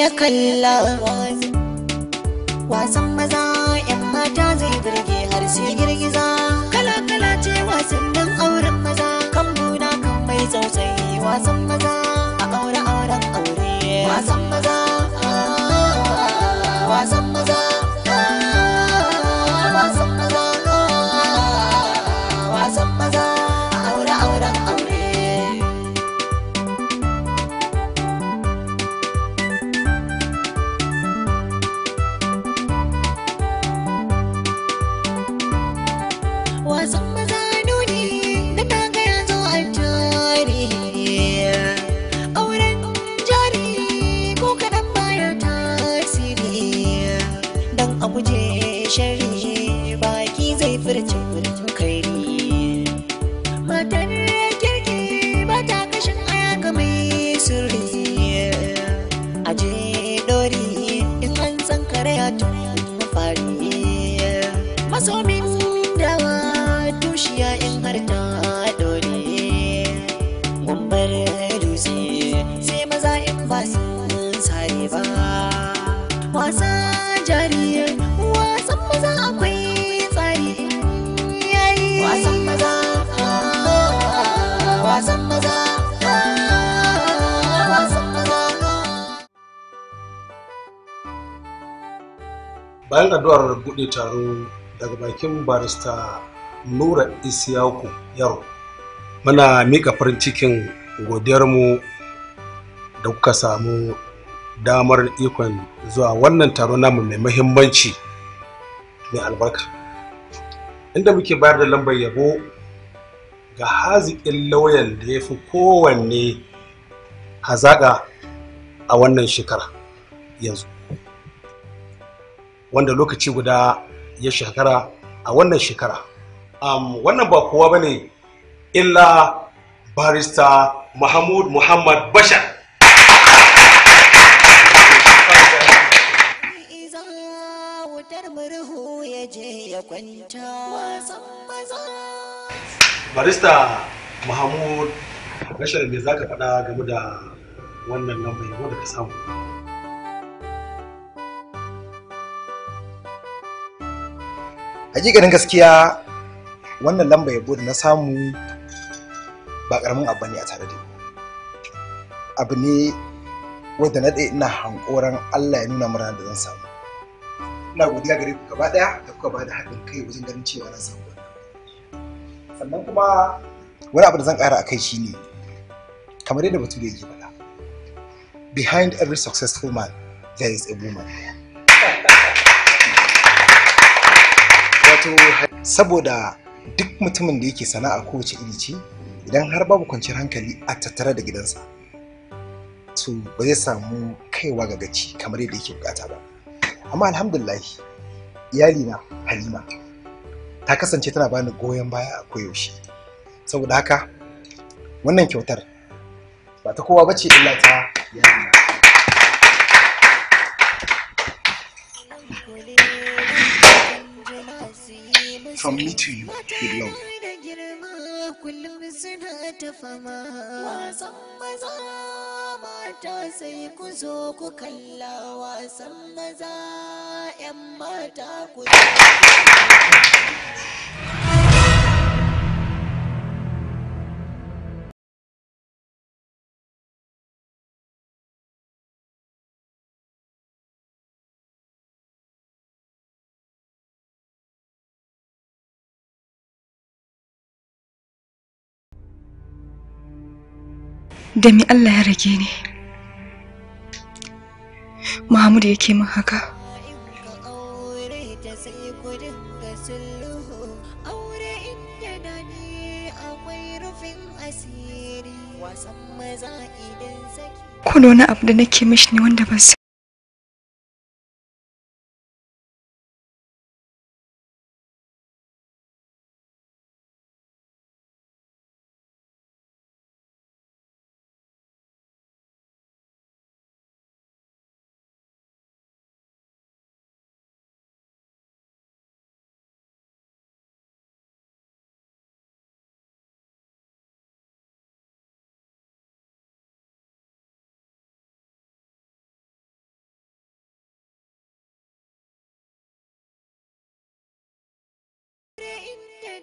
ya kalla wasan maza yan mata zai birge har sai girgiza kala kala ce wasannin auren maza kan buna kan mai sosai wasan maza a aure auren aure wasan maza bayan addu'ar buɗe taro daga bakin barista nura isiyaku yaro muna mika farin cikin godiyarmu da kuka samu damar ikon zuwa wannan taro namu mai mahimmanci mai albarka inda muke bayar da lambar yabo ga haziƙin lauyan da ya fi kowanne hazaƙa a wannan shekara yanzu wanda lokaci guda ya shekara a wannan shekara um, wannan ba kowa ba ne illa barista Muhammad muhammad bashar barista Muhammad bashar me za ka faɗa game da wannan lambayi wanda ka samu hakikanin gaskiya wannan lamba yabo da na samu ba karamin abu ne a tare da abu ne wanda na ɗaya ina hankoran Allah ya nuna mura da zan samu ina godiya gare ku gaba ɗaya da kuka ba da haɗin kai wajen ganin cewa na samu sannan kuma wani abu da zan ƙara a kai shine kamar yadda bature yake faɗa behind every successful man there is a woman wato saboda duk mutumin da yake sana'a kowace iri ce idan har babu kwanciyar hankali a tattare da gidansa to ba zai samu kaiwa ga gaci kamar yadda yake bukata ba amma iyali iyalina halima ta kasance tana bani goyon baya a koyaushe saboda haka wannan kyautar ba ta kowa bace illa ta iyalina From me to you, with love. mata sai ku ku kalla maza 'yan mata ku da mi Allah ya rage ni Muhammadu ke min haka Kuno na abu da nake mishi ne wanda ban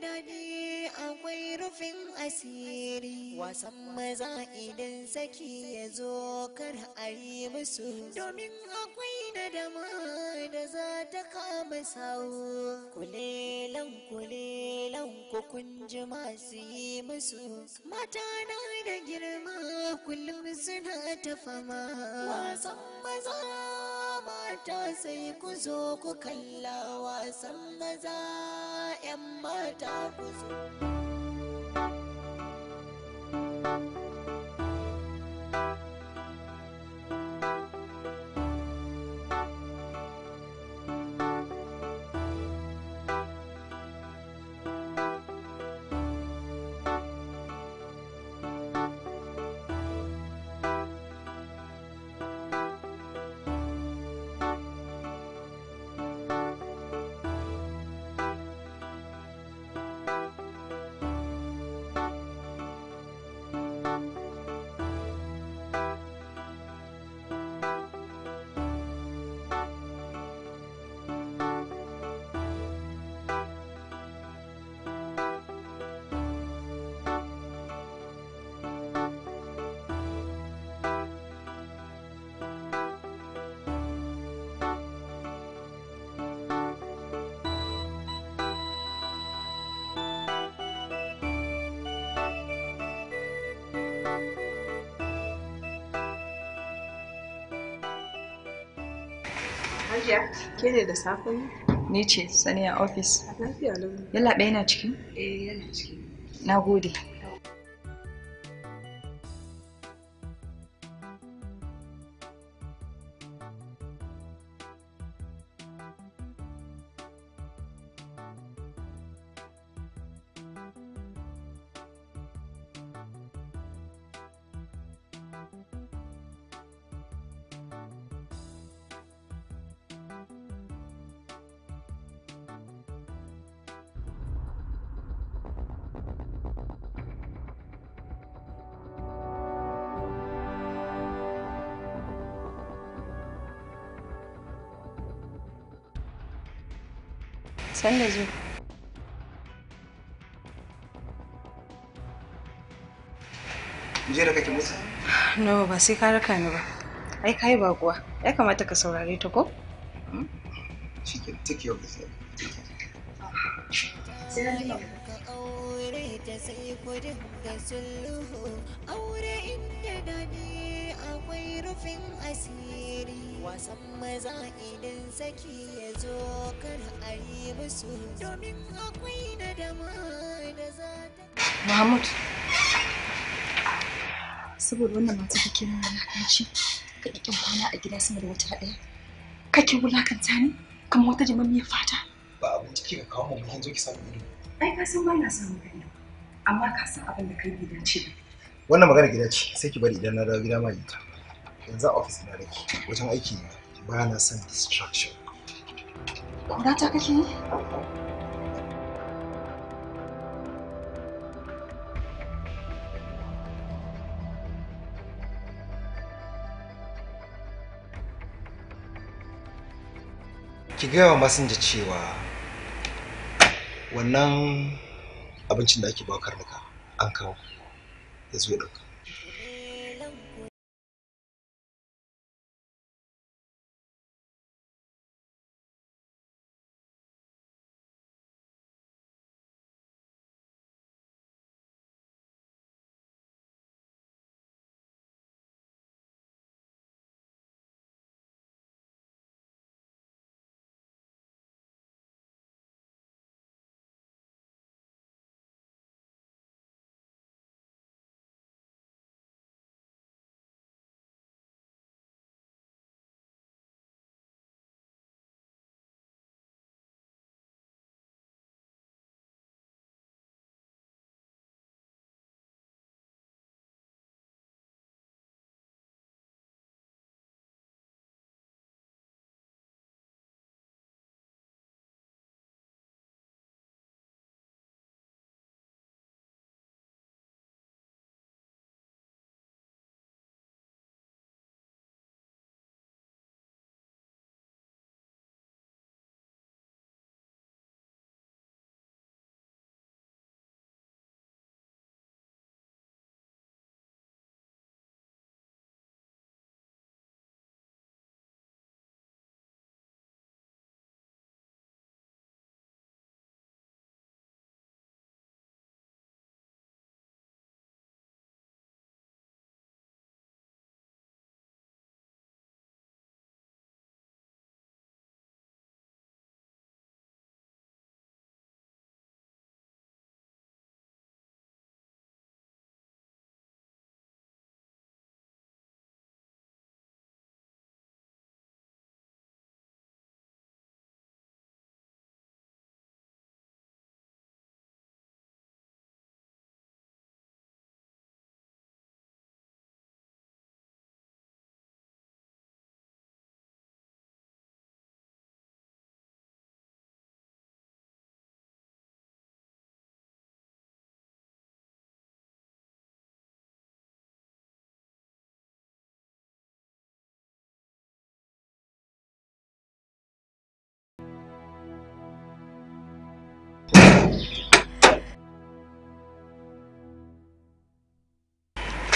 need. rufin asiri wasan maza idan saki ya zo kar a yi musu domin akwai da dama da za ta kama sawu kulelan kulelan ku kun ji masu yi musu mata na da girma kullum suna ta wasan maza mata sai ku zo ku kalla wasan maza 'yan mata ku zo ke ne da safe ne? Ni ce, sani a ofis. Lafiya lau. yana ciki? Eh, yana ciki. Na gode. Sen kake musu? No, ba sai ka raka ni ba. Ai kai ba kuwa. Ya kamata ka saurare ta ko? Hmm? Shike, take your business. aure inda dadi akwai rufin asiri wasan maza idan saki ya zo a yi musu domin akwai dama da za ta Mahmud saboda wannan mata take nuna ce, ka ƙi kwana a gida sama da wata ɗaya kake wulakanta ni kamar wata jimamiyar fata ba abinci kika kawo mu kin zo ki samu ido ai ka san ba na samu ido amma ka san abin da kai gidan ce wannan magana gida ce sai ki bari idan na dawo gida ma yi ta yanzu ofis na rake wajen aiki ne ba na son distraction kura ta kake yi ki gaya wa masinja cewa wannan abincin da ake bawa karnuka an kawo ya zo ya ɗauka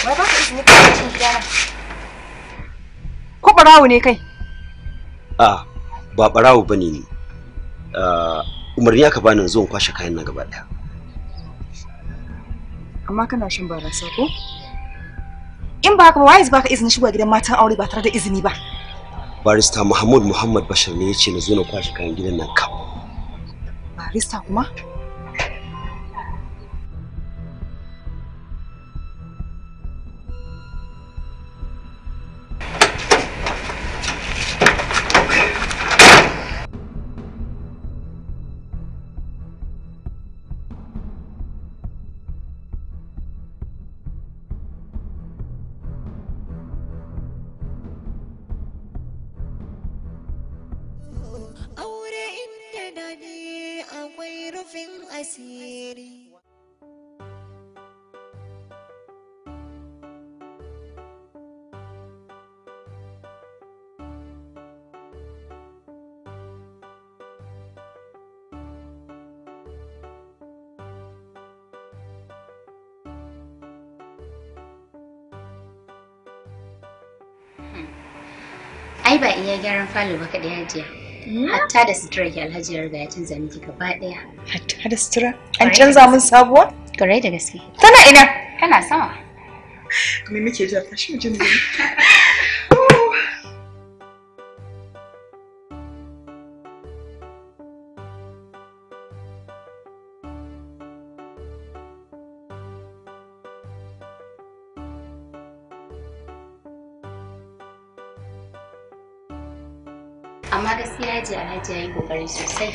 Wai ba ka izini ka cikin gidana. Ko barawo ne kai? A ba barawo bane ni. umarni aka bani zuwan kwashe kayan na gaba ɗaya. Amma kana shan barasa ko? In ba haka ba wai baka izinin shigo gidan matan aure ba tare da izini ba. Barista Muhammad Muhammad Bashir ne ya ce na zo na kwashe kayan gidan nan kam. Barista kuma? gyaran falo baka ɗaya hajiya. Hmm? Hatta da sutura ki alhaji ya ya canza miki gaba ɗaya. Hatta da sutura? An canza min sabuwa? Gare da gaske. Tana ina? Tana sama. Me muke ja? Tashi mu kokari sosai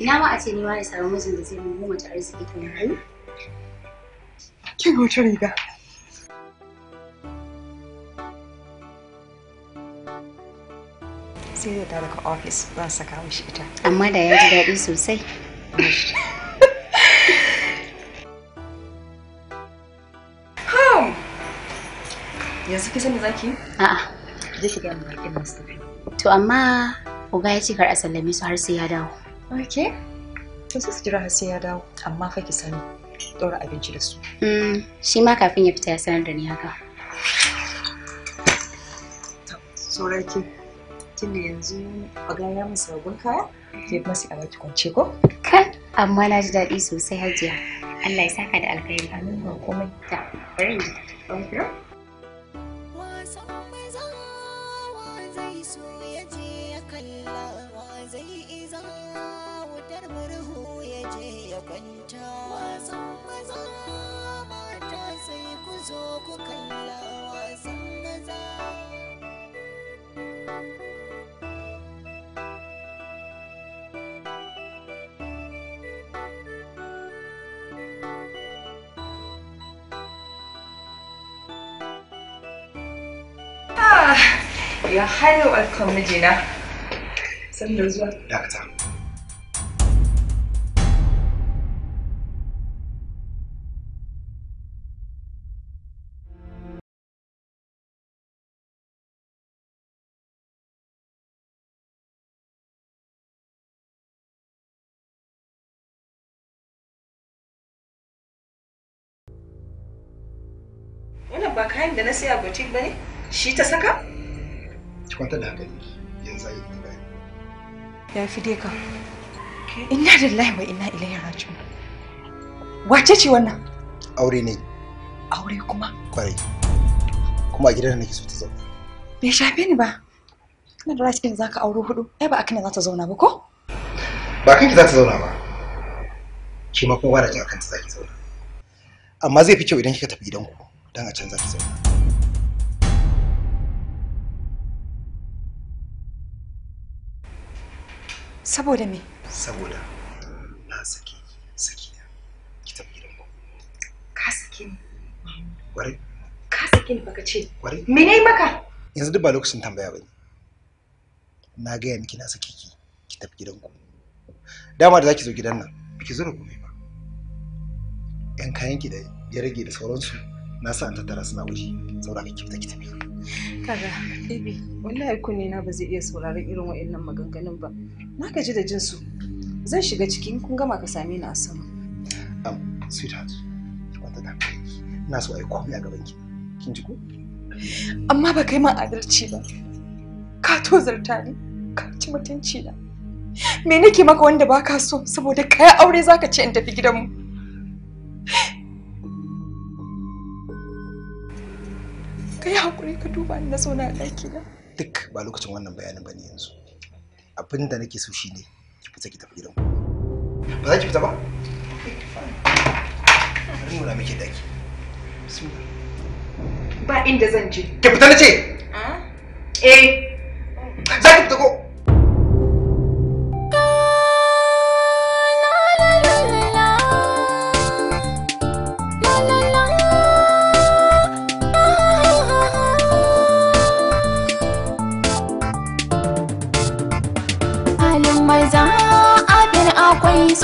ina ma a ce ni ma na samu mijin da zai mu mace arziki kamar hannu kin wuce riga sai zai ta daga ofis zan saka mishi ita amma da ya ji daɗi sosai yanzu kisan da zaki? a'a je ki gaya mu bakin nasu to amma ga ya ce kar a sallame su har sai ya dawo. Ok. To sai su jira har sai ya dawo, amma fa ki sani ɗora abinci da su. Hmm, shi ma kafin ya fita ya sanar da ni haka. tun da yanzu ga ya musu sabon kaya, ke masu sai a baki kwance ko? kan amma na ji daɗi sosai hajiya. Allah ya saka da alkhairi. Amin ba komai. Ta, bari in ji. zo ku kalla wasan gaza ah, ya hayo alkomijina. mijina. zuwa. Dakata. kayan da na siya saya boutique ne shi ta saka ki da hankali yanzu ai ya fi dai ka inna lillahi wa inna ilaihi raji'un wace ce wannan aure ne aure kuma kwarai kuma a gidan da nake so ta zauna bai shafe ni ba kana da rashin za zaka aure hudu ai ba akina za ta zauna ba ko ba kanki za ta zauna ba ki ma kuma ba da jin akan ta za ki zauna amma zai fi kyau idan kika tafi gidanku don a canza za ta zauna saboda me saboda na saki saki na ki tafi gidan ba ka saki ni kwarai ka saki ni baka ce kwarai me ne maka yanzu duk ba lokacin tambaya bane na gaya miki na saki ki ki tafi gidan ku dama da zaki zo gidan nan biki zo da komai ba yan kayan ki da ya rage da sauransu na sa an tattara suna waje saboda ka kifta kita tafi kaga bibi wallahi kunne na ba zai iya sauraron irin wa'annan maganganun ba na gaji da jin su zan shiga cikin kun gama ka same ni a sama am sweetheart wanda da ina so ai komai a gaban ki kin ji ko amma ba kai ma adalci ba ka tozarta ni ka ci mutunci na me nake maka wanda baka so saboda kai aure zaka ce in tafi gidanmu ka yi hakuri ka duba ni na zauna a ɗaki na duk ba lokacin wannan bayanin ne yanzu abin da nake so shine ki fita ki tafi gidan ku ba za ki fita ba bari nuna miki daki ba inda zan je ki fita nace eh za ki fita ko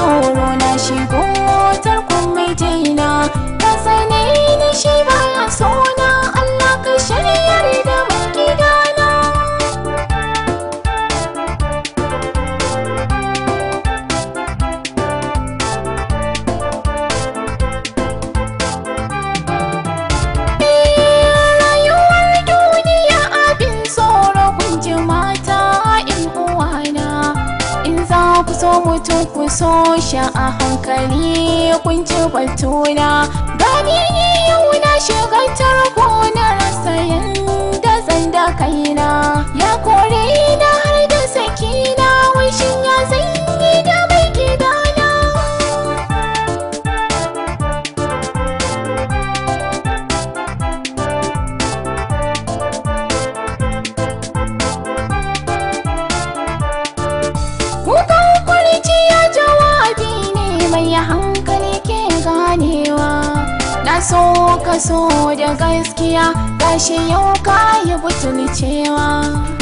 tsoro na shigo tarkon mai jaina, ka sani ni shi ba kwaltuna ganin yi yau na shigantar ku so da gaskiya gashi yau ka yi cewa.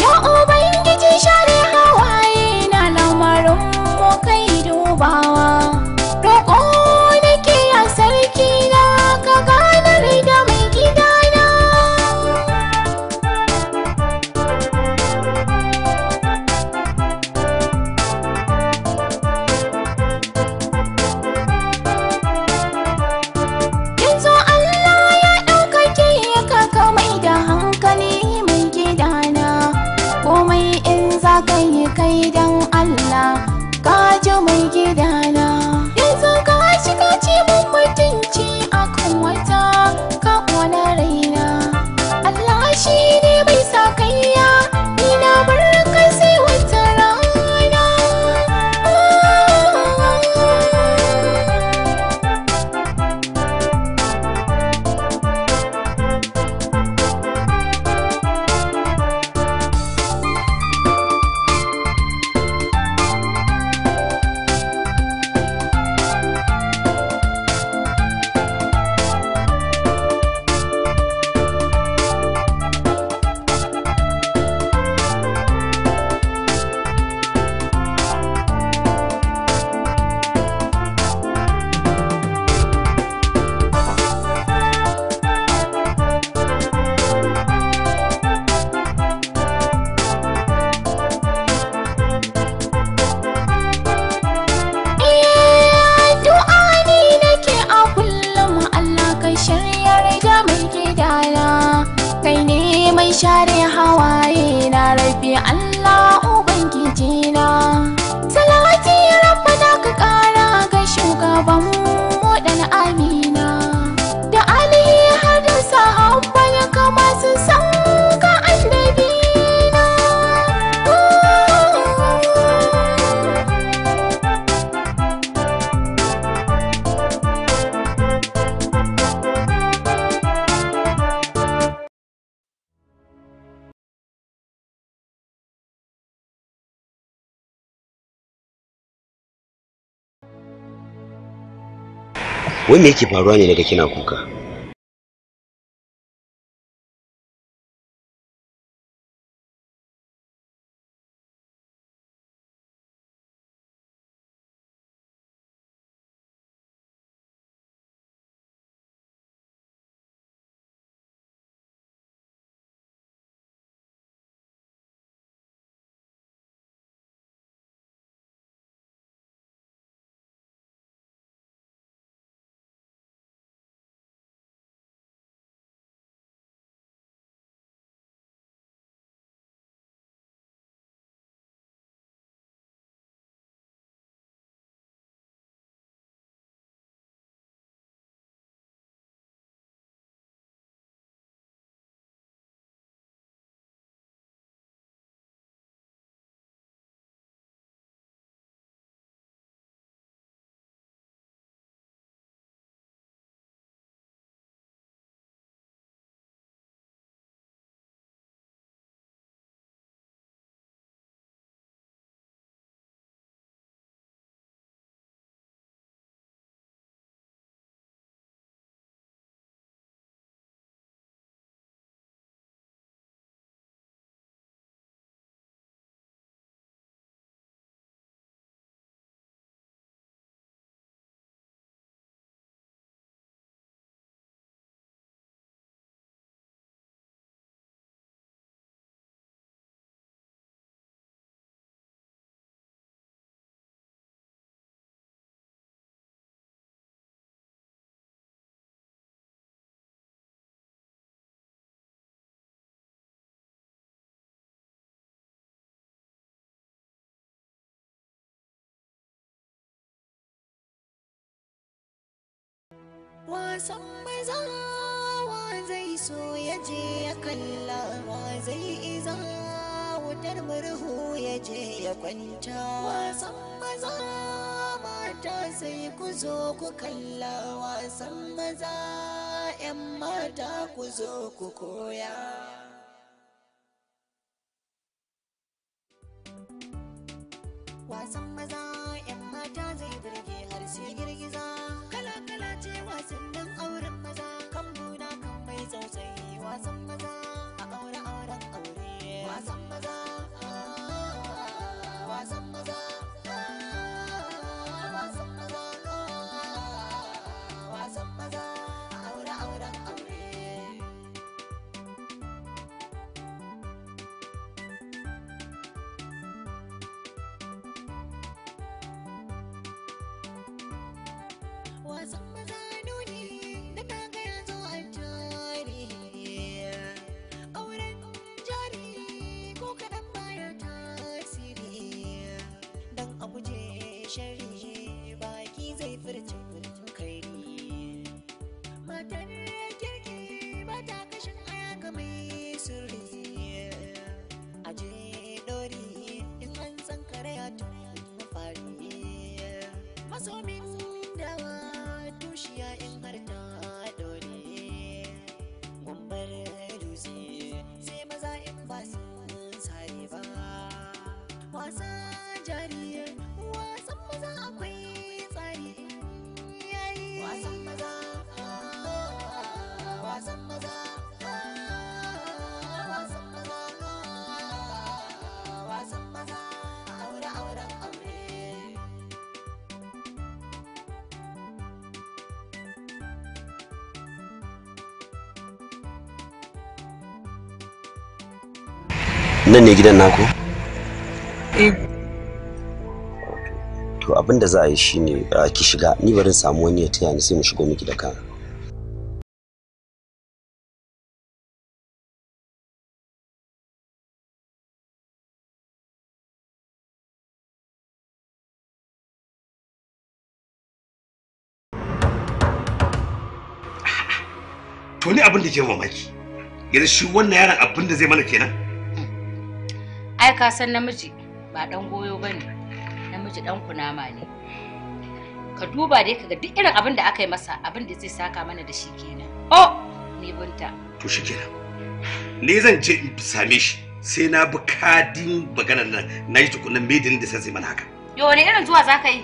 wai me yake faruwa ne daga kina kuka san maza wa zai so ya je ya kalla wa zai iza wutar murhu ya je ya kwanta wasan maza mata sai ku zo ku kalla wasan maza 'yan mata ku zo ku koya maza wasan maza a aure auren aure nan ne gidan naku eh. to abin da za a yi shine ah, ki shiga ni barin samu wani ya taya ni sai mu shigo miki da kan to abin da ke mamaki yanzu shi wannan yaron abin da zai mana kenan ka san namiji ba dan goyo bane namiji dan kunama ne ka duba dai kaga duk irin abin da aka yi masa abin da zai saka mana da shi kenan oh ni bunta to shi kenan ni zan je in same shi sai na bi kadin maganar nan na yi tukunan medin da sai mana haka yo ne irin zuwa za ka yi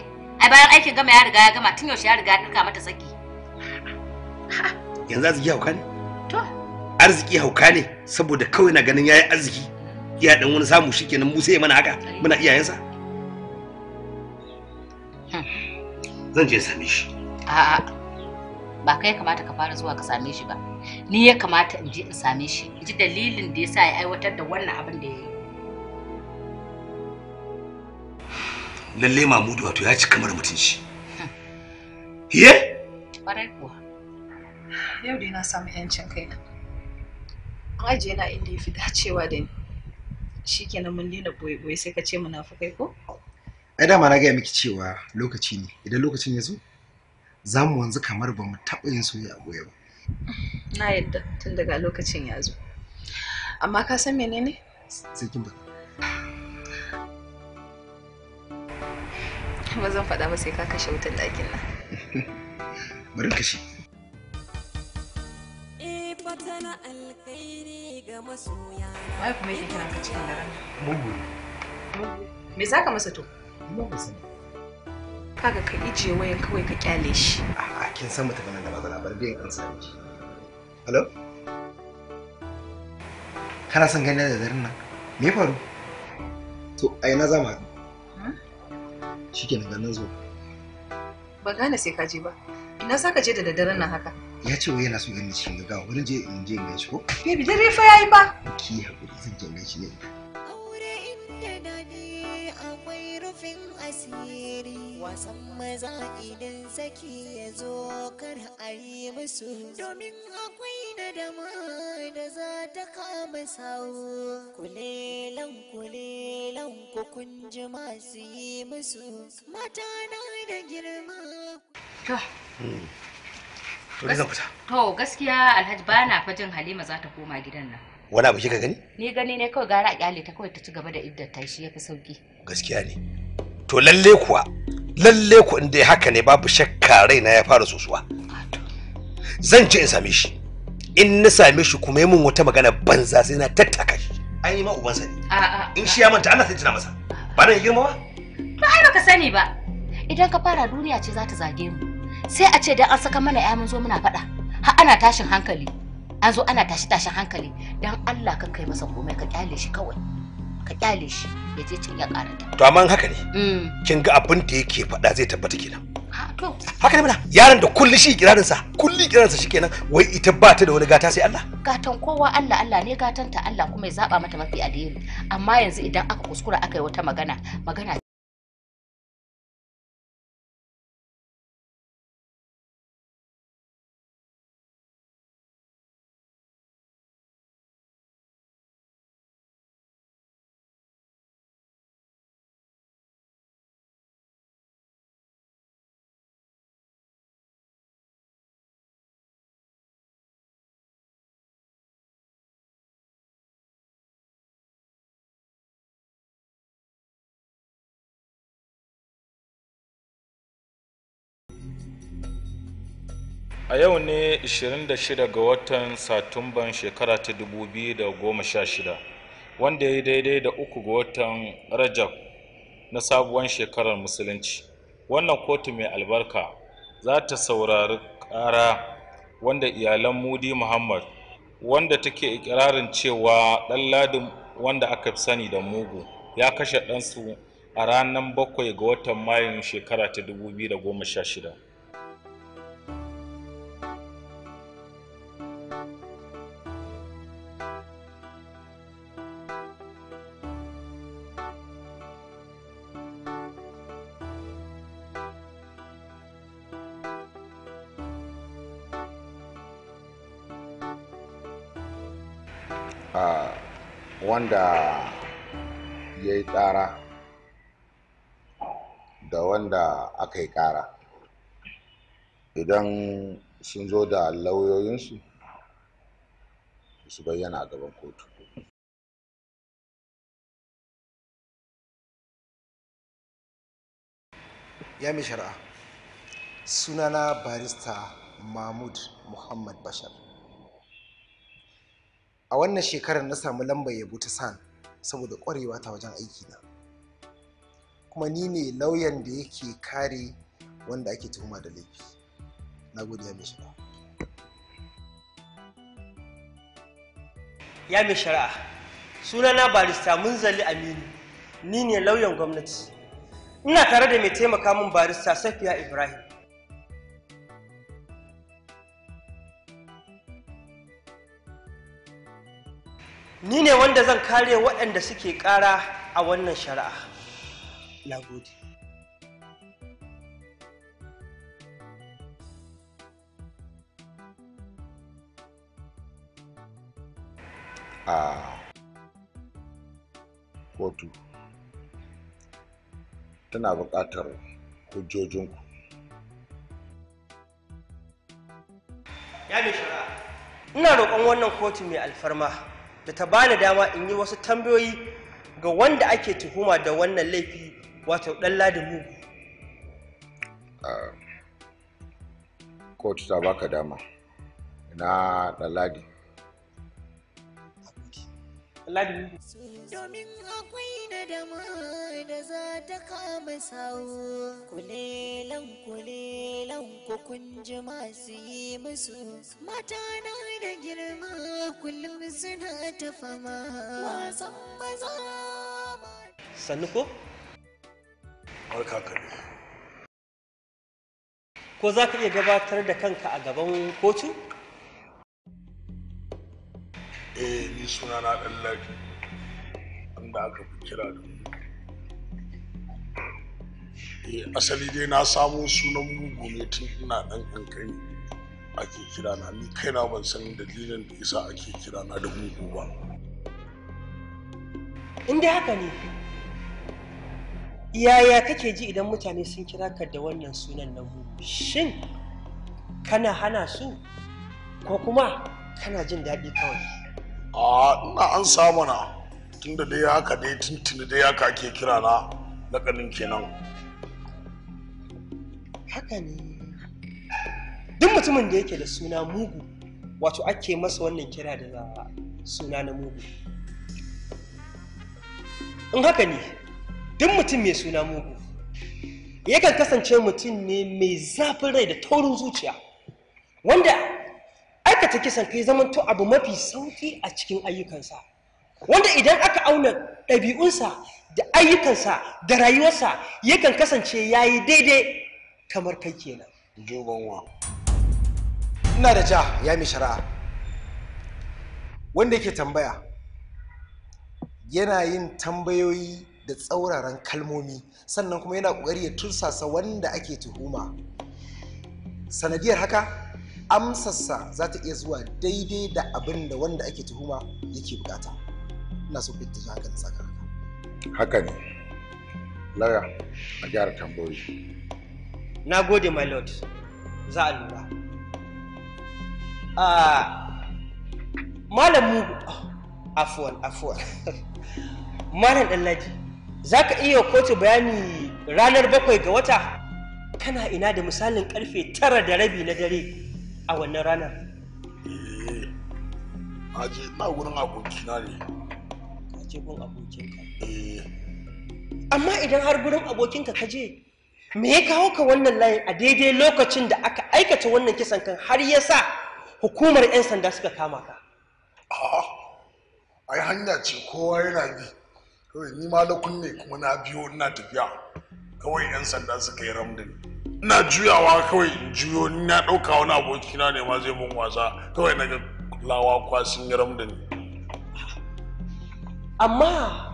a bayan aikin gama ya riga ya gama tun yaushe ya riga ya dinka mata saki yanzu arziki hauka ne to arziki hauka ne saboda kawai na ganin yayi arziki iya dan wani samu shikenan mu sai mana haka muna sa zan je same shi a'a ba kai kamata ka fara zuwa ka same shi ba ni ya kamata in je in same shi ji dalilin da yasa ya aiwatar da wannan abin da ya yi lalle mamudu wato ya ci kamar mutunci ye ƙwarai kuwa yau dai na samu 'yancin kaina ajiye na inda ya fi dacewa da ni shikenan mun daina boye-boye sai ka ce munafukai ko ai dama na gaya miki cewa lokaci ne idan lokacin ya zo za mu wanzu kamar ba mu taɓa yin soyayya a goye ba na yadda tun daga lokacin ya zo amma ka san menene sai kin ba zan faɗa ba sai ka kashe wutar ɗakin nan bari kashe Wai kuma yake kiran ka cikin daren? Mugu. Me za ka masa to? Ina ba sani. Kaga ka ijiye wayan kawai ka kyale shi. A'a kin san mutum nan da matsala bar biyan an sami Hello? Kana son ganin da daren nan? Me faru? To ai na zama mu haɗu? Shikenan ganin zo. Ba gane sai ka je ba. Ina za ka je da daddaren nan haka? ya ce wai yana so yana ga ga wani je in je in gaishe ko bi dare fa yayi ba ki hakuri zan je in shi ne aure inda dadi akwai rufin asiri wasan maza idan saki ya zo kar a yi musu domin akwai nadama da za ta kama sawu kulelan kulelan ku kun ji masu yi musu mata na da girma hmm. to zan fita to gaskiya alhaji bana fajin halima za ta koma gidan nan wani abu kika gani ni gani ne kawai gara a kyale ta kawai ta ci gaba da iddar ta shi yafi sauki gaskiya ne to lalle kuwa lalle ku inda haka ne babu shakka raina ya fara sosuwa zan ce in same shi in na same shi kuma yi min wata magana banza sai na tattaka shi an yi ma ubansa ne in shi ya manta ana sai tuna masa ba na girma ba to ai baka sani ba idan ka fara duniya ce za ta zage mu sai a ce dan an saka mana ya mun zo muna faɗa har ana tashin hankali an zo ana tashi tashin hankali dan Allah kan kai masa komai ka kyale shi kawai ka kyale shi ya je can ya karanta to amma haka ne mm. kin ga abin da yake faɗa zai tabbata kenan haka ne mana yaron da kulli shi kirarinsa kirarin sa shikenan wai ita ba ta da wani gata sai Allah gatan kowa Allah Allah ne gatan ta Allah kuma ya zaba mata mafi alheri amma yanzu idan aka kuskura aka yi wata magana magana a yau ne 26 ga watan satumban shekara ta 2016 wanda ya yi daidai da uku ga watan rajab na sabuwar shekarar musulunci wannan kotu mai albarka za ta saurari kara wanda iyalan mudi muhammad wanda take ikirarin cewa dan ladin wanda aka fi sani da mugu ya kashe ɗansu a ranar bakwai ga watan mayun shekara ta 2016 akai ƙara idan sun zo da lauyoyinsu su bayyana a gaban kotu ya mai shari'a sunana barista mahmud muhammad bashar a wannan shekarar na samu lambar yabo ta san saboda ƙwarewa ta wajen aiki na. kuma ni ne lauyan da yake kare wanda ake tuhuma da laifi na gode ya mai shari'a ya mai shari'a sunana barista munzali aminu ni ne lauyan gwamnati ina tare da mai taimaka min barista safiya ibrahim ni ne wanda zan kare waɗanda suke ƙara a wannan shari'a Na gode. kotu tana buƙatar hujjojinku. Ya mai shara, ina roƙon wannan kotu mai alfarma da ta bani dama in yi wasu tambayoyi ga wanda ake tuhuma da wannan laifi wato ɗan ladin mu ah, kotu ta baka dama na ɗan ladi domin akwai nadama da za ta kama sawo kulelan kulelan kun ji masu yi musu mata na da girma kullum suna ta fama wasan maza sannu ko barka ka ko za ka iya gabatar da kanka a gaban kotu eh ni suna na ɗan lafi wanda aka fi kira da eh asali dai na samo sunan mugu ne tun ina ɗan ƙanƙani ake kira na ni kaina ban san dalilin da isa ake kira na da mugu ba in dai haka ne yaya kake ji idan mutane sun kira ka da wannan sunan na gugu shin kana hana su ko kuma kana jin daɗi kawai a ina an samu na tunda dai haka dai tuntuni dai haka ake kira na lakanin kenan haka ne duk mutumin da yake da suna mugu wato ake masa wannan kira da suna na mugu in haka ne duk mutum mai suna mugu yakan kasance mutum ne mai zafin rai da taurin zuciya wanda aikata kisan kai zamanto abu mafi sauki a cikin ayyukansa wanda idan aka auna ɗabi'unsa da ayyukansa da rayuwarsa yakan kasance ya yi daidai kamar kai kenan jubanwa ina da ja ya mai shari'a wanda yake tambaya yana yin tambayoyi da tsauraran kalmomi sannan kuma yana ƙoƙari ya tursasa wanda ake tuhuma sanadiyar haka amsarsa za ta iya zuwa daidai da abin da wanda ake tuhuma yake bukata ina so fitta ji hakan saka haka haka ne laya a gyara tambayoyi na gode my lord za a lura ah, malam mu ah, afuwan afuwan malam Ladi. za ka iya kotu bayani ranar bakwai ga wata kana ina da misalin karfe tara da rabi na dare a wannan ranar eh aje na wurin abokina ne aje gun abokinka eh. amma idan har gurin abokinka ka je me ya kawo ka wannan layin a daidai lokacin da aka aikata wannan kisan kan har ya sa hukumar 'yan sanda suka kama ka a'a ai hanya ce kowa yana bi kawai ni ma da kunne kuma na biyo ina tafiya kawai yan sanda suka yi ramdin ina juyawa kawai in juyo ni na ɗauka wani abokina ne ma zai mun wasa kawai na ga lawa kwasin yi ramdin amma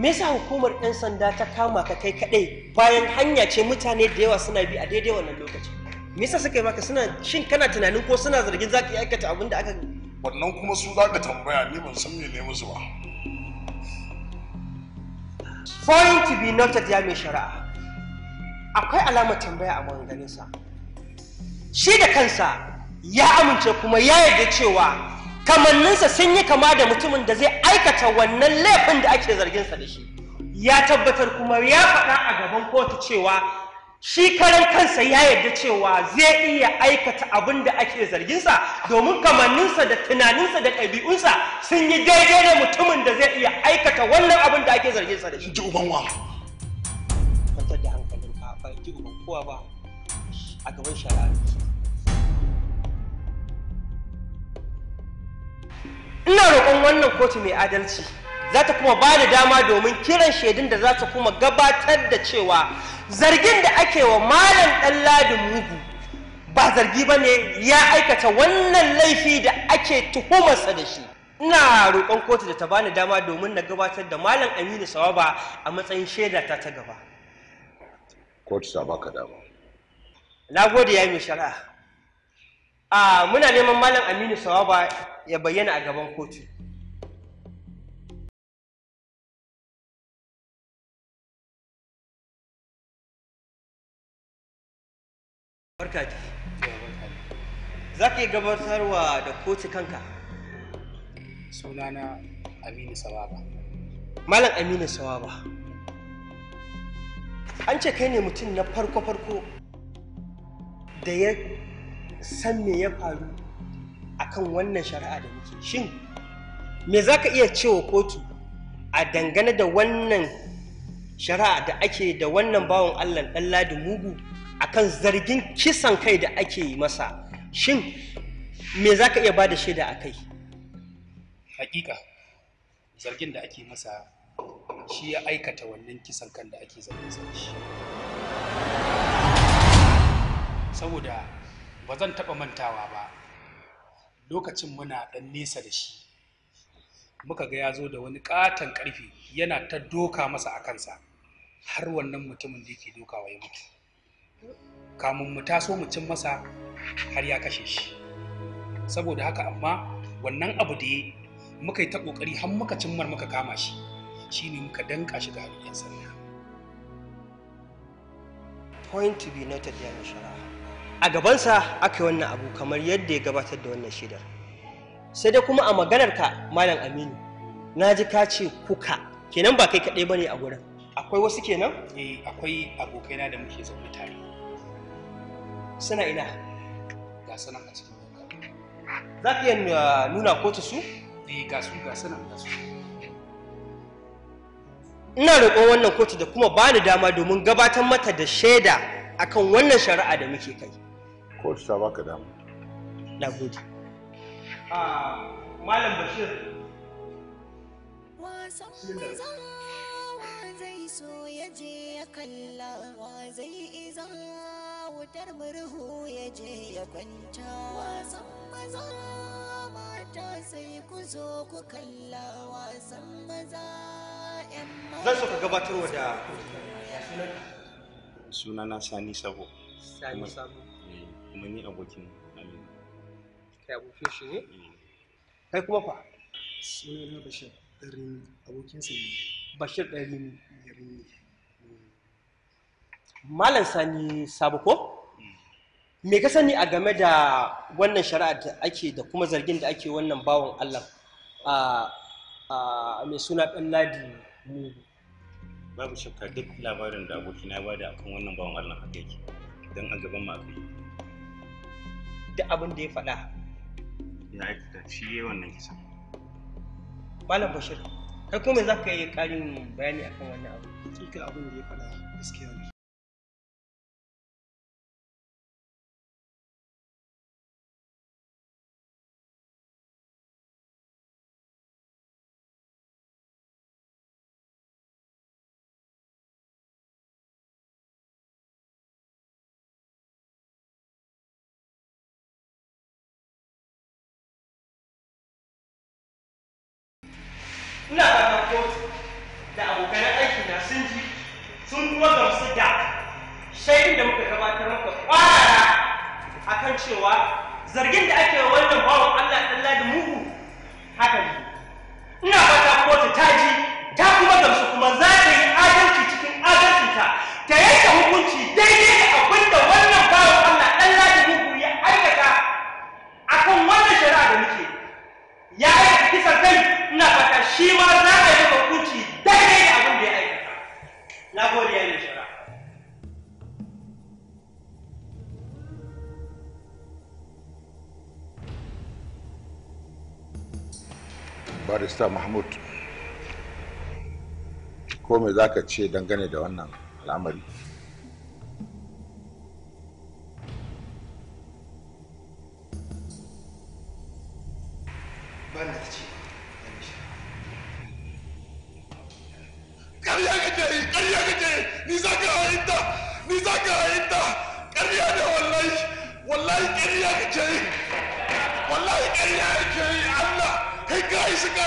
me yasa hukumar 'yan sanda ta kama ka kai kadai bayan hanya ce mutane da yawa suna bi a daidai wannan lokaci me yasa suka yi maka suna shin kana tunanin ko suna zargin zaka yi aikata abin da aka wannan kuma su za ka tambaya ni ban san me ne musu ba Point to be noted ya mai shari'a. Akwai alamar tambaya a maganganunsa. Shi da kansa ya amince kuma ya yarda cewa kamanninsa sun yi kama da mutumin da zai aikata wannan laifin da ake zarginsa da shi. Ya tabbatar kuma ya faɗa a gaban kotu cewa shi karan kansa ya yarda cewa zai iya aikata abin da ake zarginsa domin kamanninsa da tunaninsa da ɗabi'unsa sun yi daidai da mutumin da zai iya aikata wannan abin da ake zarginsa da shi. Ji uban wa. Kwantar da hankalin ka ba ji uban kowa ba a gaban shari'a. Ina roƙon wannan kotu mai adalci za ta kuma ba da dama domin kiran shaidun da za ta kuma gabatar da cewa zargin da ake wa malam ladin mugu ba zargi ba ne ya aikata wannan laifi da ake tuhumarsa da shi ina roƙon kotu da ta bani dama domin na gabatar da malam aminu sawaba a matsayin shaida ta ta gaba kotu ta baka dama na gode ya mai shari'a ah, muna neman malam aminu sawaba ya bayyana a gaban kotu barka ji za ka iya gabatarwa da kotu kanka sunana aminu sawaba malam aminu sawaba an ce kai ne mutum na farko-farko da ya san me ya faru akan wannan shari'a da muke shin me za ka iya cewa kotu a dangane da wannan shari'a da ake da wannan bawan allah ɗan ladi mugu akan zargin kisan kai da ake yi masa shin me za ka iya ba da shaida a kai hakika zargin da ake masa shi ya aikata wannan kisan kan da ake zargin sa shi saboda ba zan taɓa mantawa ba lokacin muna ɗan nesa da shi muka ga ya zo da wani ƙaton ƙarfe yana ta doka masa a kansa har wannan mutumin da yake dokawa ya mutu kamun mu taso mu cin masa har ya kashe shi saboda haka amma wannan abu da ya muka yi ta kokari har muka mar muka kama shi shine muka danka shi ga hannun yan sanda point to be noted ya shara'a a gabansa aka yi wannan abu kamar yadda ya gabatar da wannan shidar sai dai kuma a maganar ka, malam aminu na ji ka ce kuka kenan ba kai kaɗai bane a gurin akwai wasu kenan eh akwai abokaina da muke zaune tare suna ina ga sanan a cikin za ka iya uh, nuna ta su eh ga su ga sanan ga su ina roƙon wannan kotu da kuma ba ni dama domin gabatar mata da shaida akan wannan shari'a da muke kai kotu ta baka dama na gode ah, malam bashir zai so ya je ya kalla wa zai izan wutar murhu ya je ya kwanta wasan maza mata sai ku zo ku kalla wasan maza yan mata zai so ka gabatarwa da na sani sabo sani sabo eh, kuma ni abokin aminu kai abokin shi ne eh. kai kuma fa sunana bashir ɗarin abokin sani ne bashir ɗarin yarin ne malam sani sabu ko me ka sani a game da wannan shari'a da ake da kuma zargin da ake wannan bawan allah a mai suna ɗan ladi babu shakka duk labarin da abokina ba da akan wannan bawan allah haka yake don a gaban mafi. duk abin da ya faɗa ya da shi yi wannan kisa malam bashir kai kuma za ka yi ƙarin bayani akan wannan abu kika abin da ya faɗa gaskiya ne ina fatan kotu da abokan aiki na sun ji sun kuma gamsu da shaidun da muka gabatar muka a kan cewa zargin da ake wannan bawan Allah ɗan ladi mugu haka ne ina fata kotu ta ji ta kuma gamsu kuma za ta yi adalci cikin adalcinta ta yanke hukunci daidai da abin da wannan bawan Allah ɗan ladi mugu ya aikata akan wannan shari'a da muke ya aikata aikata kisan kai ina fata shi ma za a yi maka hukunci daidai da abin da ya aikata na gode ya ne shara barista mahmud ko me za ka ce dangane da wannan al'amari ta wallahi yi allah yi suka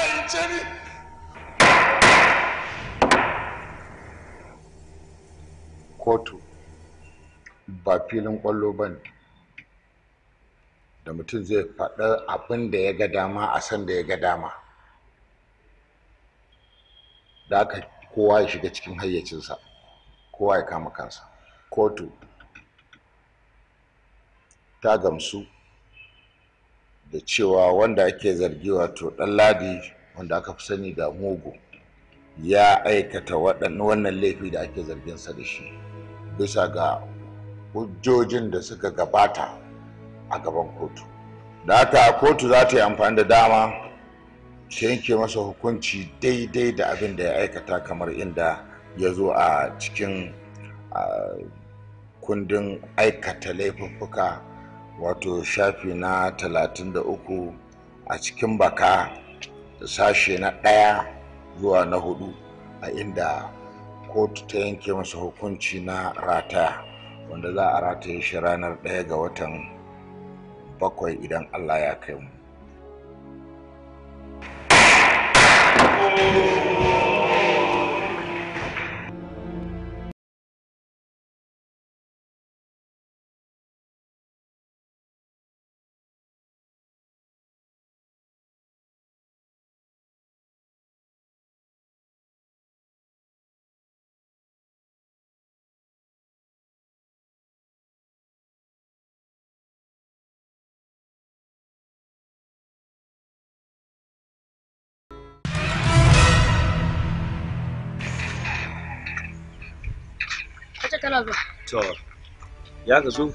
kotu ba filin kwallo ba ne da mutum zai faɗa abin da ya ga dama a san da ya ga dama da aka kowa ya shiga cikin hayyacinsa kowa ya kama kansa kotu ta gamsu da cewa wanda ake zargi wato dan ladi wanda aka fi sani da mugu ya aikata wannan laifi da ake zarginsa da shi bisa ga hujjojin da suka gabata a gaban kotu da haka kotu za ta yi amfani da dama ta yanke masa hukunci daidai da abin da ya aikata kamar inda ya zo a cikin kundin aikata laifuffuka wato shafi na 33 a cikin baka da sashe na ɗaya zuwa na hudu a inda kotu ta yanke masa hukunci na rata wanda za a rataye shi ranar ɗaya ga watan bakwai idan allah ya kai mu To, ya gazu.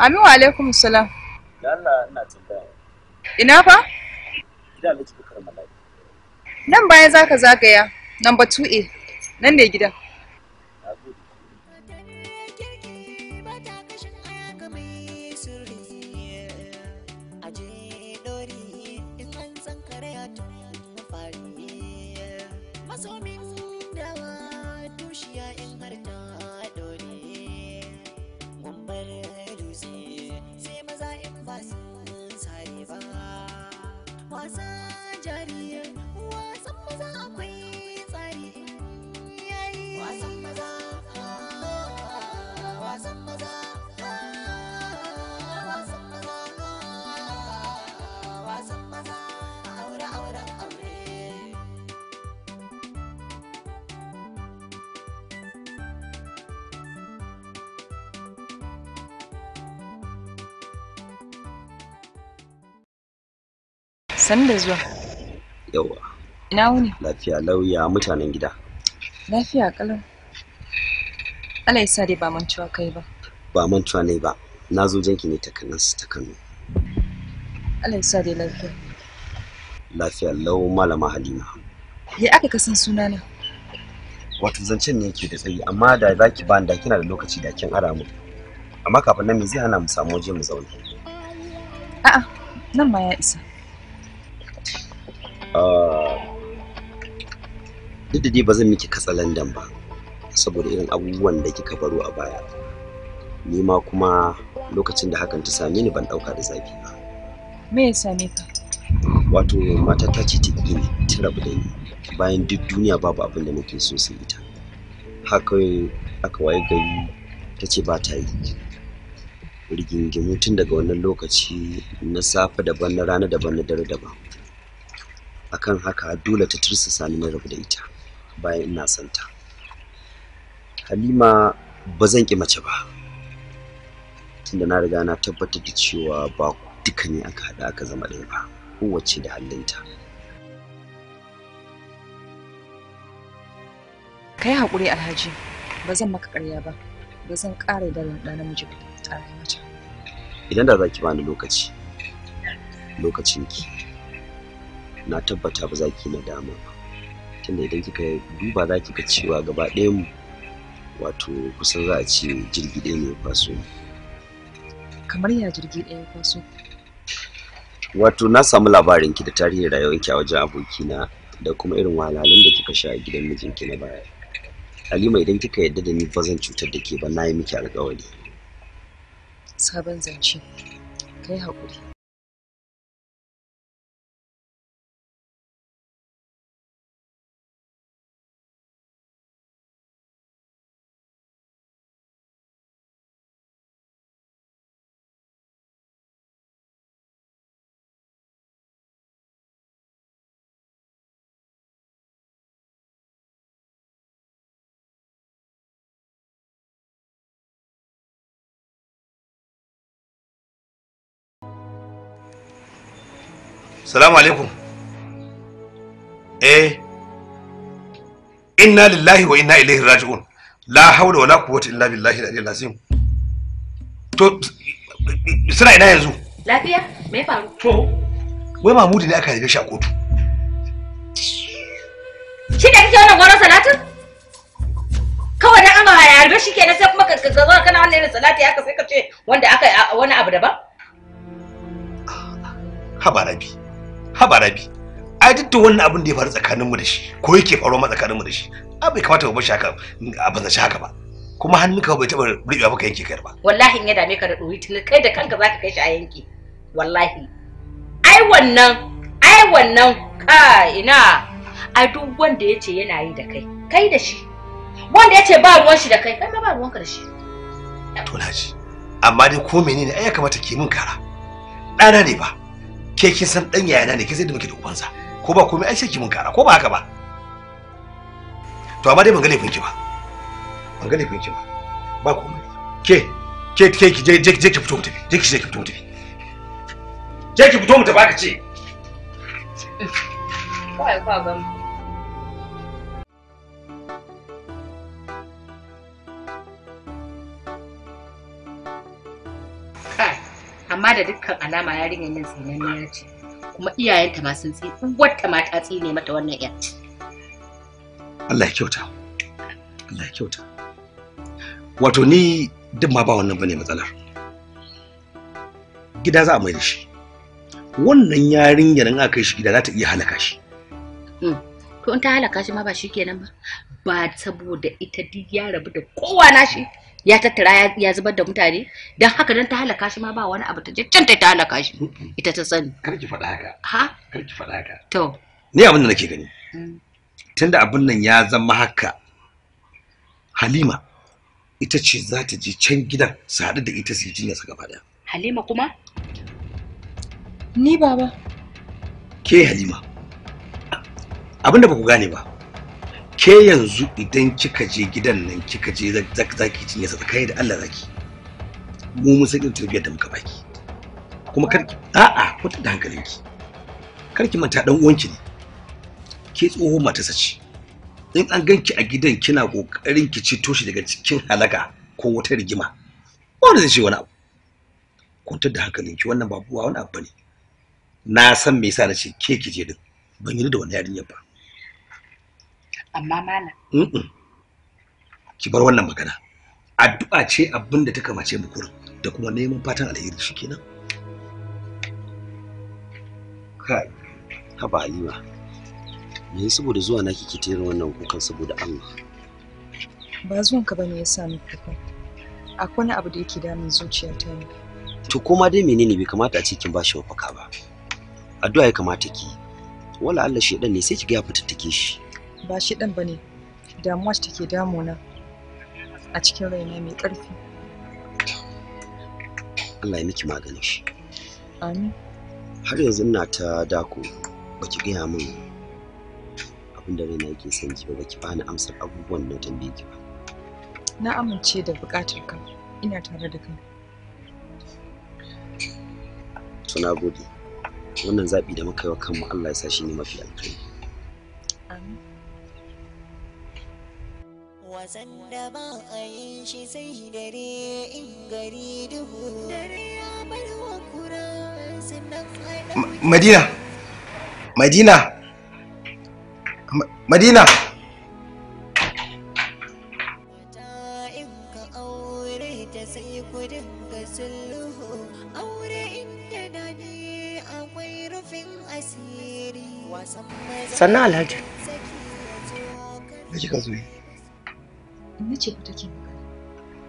Amin wa alaikum salam. Da Allah ina tambaya. Ina fa? Gida Alhaji Bukar Malaki. Nan baya zaka zagaya, number 2A. Nan ne gidan. san da zuwa yawa ina wuni lafiya lauya mutanen gida lafiya kalau Allah yasa dai ba mantuwa kai ba ba mantuwa ne ba na zo janki ne ta su ta Kano Allah yasa dai lafiya lafiya lau malama Halima ya aka kasan sunana wato zancen ne yake da tsayi amma da zaki ba da kina da lokaci da kin ara mu amma kafin nan me zai hana mu samu waje mu zauna a'a nan ma ya isa Ehm, duk da ba zan miki katsalandan ba saboda irin abubuwan da kika baro a baya ni ma kuma lokacin da hakan ta same ni ban dauka da zafi ba me ya same ka wato mata ta ce ta ni ta rabu da ni bayan duk duniya babu abin da nake so sai ita haka aka waye gari ta ce ba ta yi rigingimu tun daga wannan lokaci na safe daban na rana daban na dare daban akan haka dole ta tursasa ni na rabu da ita bayan ina son ta halima ba zan ki mace ba tunda na riga na tabbatar da cewa ba duka ne aka haɗa aka zama ɗaya ba kowace da hallinta kai haƙuri alhaji ba zan maka ƙarya ba ba zan ƙara da ɗan namiji ba da mace. idan da za ki bani lokaci lokacin ki na tabbata ba za ki nadama ba tunda idan kika duba za ki ga cewa gaba ɗayan mu wato kusan za a ce jirgi ɗaya ne ya kwaso kamar ya jirgi ɗaya ya kwaso wato na samu labarin ki da tarihin ki a wajen abokina da kuma irin wahalhalun da kika sha a gidan mijinki na baya halima idan kika yarda da ni ba zan cutar da ke ba na yi miki alƙawari. sabon zance kai haƙuri salamu alaikum eh inna lillahi wa inna ilaihi raji'un la haula la quwwata illa billahi al-aliyyil azim to suna ina yanzu lafiya me faru to wai mamudi ne aka yi shi a kotu shi da kike wannan gwanon salatin kawai dan ama ya yarda shi kenan sai kuma ka zo kana wannan irin salati aka sai ka ce wanda aka wani abu daban haba rabi haba rabi ai duk da wannan abin da ya faru tsakaninmu da shi ko yake faruwa ma mu da shi abai bai kamata ba bashi haka a banza shi haka ba kuma hannun ka bai taɓa rubewa ba ka yanke kai ba wallahi in ya dame ka da dori tun kai da kanka zaka kai shi a yanke wallahi ai wannan ai wannan ka ina ai duk wanda ya ce yana yi da kai kai da shi wanda ya ce ba ruwan shi da kai kai ma ba ruwan ka da shi to na ji amma dai ko menene ai ya kamata ki min kara ɗana ne ba ke kin san dan yayana ne ke sai da muke da ubansa ko ba komai ai sai ki mun kara ko ba haka ba to amma dai ban ga laifin ki ba ban ga laifin ki ba ba komai ke ke ke ki je je ki fito mu je ki je ki fito mu je ki fito mu ka ce ba ba ban amma da dukkan alama yarinyar nan ya ce kuma iyayenta ma sun tsine wata mata ta tsine mata wannan yar Allah ya kyauta Allah ya kyauta wato ni duk ma ba wannan bane matsalar gida za a mai da shi wannan yarinyar in aka kai shi gida za ta iya halaka shi hmm. to in ta halaka shi ma ba shi kenan ba ba saboda ita duk ya rabu da kowa na shi ya tattara ya zubar da mutane don haka don ta halaka shi ma ba wani abu ta jajjan ta halaka shi ita ta sani kar ki faɗa haka ha kar ki faɗa haka to ni abin da nake gani mm. tunda abin nan ya zama haka halima ita ce za ta je can gidan su haɗu da ita su yi jinya su gaba ɗaya halima kuma ni baba ke halima abin da ba ku gane ba ke yanzu idan kika je gidan nan kika je zaki cinye sa kai da Allah zaki mu mun san tarbiyyar da muka baki kuma kar ki a'a kwata da hankalinki kar ki manta dan uwanki ne ke tsoho mata sace in an ganki a gidan kina kokarin ki cito shi daga cikin halaka ko wata rigima wanda zai ce wani abu kwantar da hankalinki wannan babuwa wani abu ne na san me yasa na ce ke ki je din ban yi da wani yarinyar ba amma malam ki bar wannan magana addu'a ce abin da ta kamace mu kurin da kuma neman fatan alheri shi kenan. kai haba ba. me yasa saboda zuwa na kike tayar wannan kukan saboda Allah ba zuwan ka bane yasa ni kukan akwai wani abu da yake damun ta ne to koma dai menene bai kamata a ce kin ba shi wafaka ba addu'a ya kamata ki wala Allah shedan ne sai ki ga ya fitattake shi ba shi ɗan ba ne damuwa ce take damuna a cikin raina mai ƙarfi Allah ya miki maganin shi amin har yanzu ina ta dako baki gaya min abin da raina yake son ki ba ki bani amsar abubuwan da tambaye ki ba na amince da buƙatar ka ina tare da kai to na gode wannan zaɓi da muka yi wa kanmu Allah ya sa shi ne mafi alkhairi wasan da ba a yi shi sai dare in gari dubu dare ya bar wa kura sannan madina madina madina sannan alhaji da kika zo yi Inna ce fa take magana.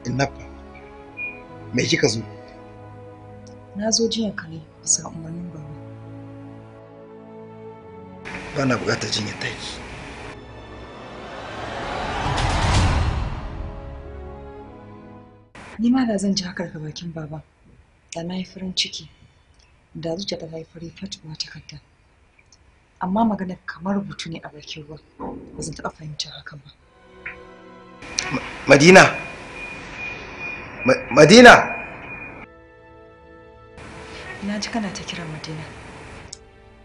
Inna fa. Me kika zo? Na zo jiya kare bisa umarnin baba. Ba na bukatar jinyar taki. Ni ma da zan ji hakar ka bakin baba. Da na yi farin ciki. Da zuciya ta yi fari fatuwa takarda. Amma magana kamar rubutu ne a bakin ruwa. Ba zan taɓa fahimtar hakan ba. madina madina na ji kana ta kira madina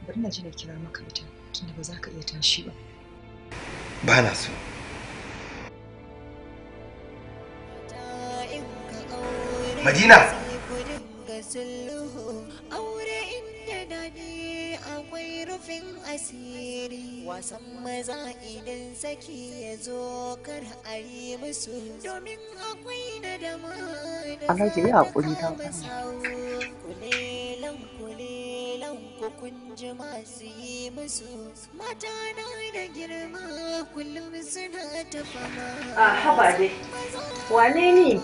bari na ji na kira maka ita tunda ba za ka iya tashi ba ba na so madina rufin asiri wasan maza idan saki ya zo kar a yi musu domin akwai na da ma Alhaji ya haƙuri ta ku masu yi musu mata na da girma kullum suna ta fama. A ah, haba dai, wane ni,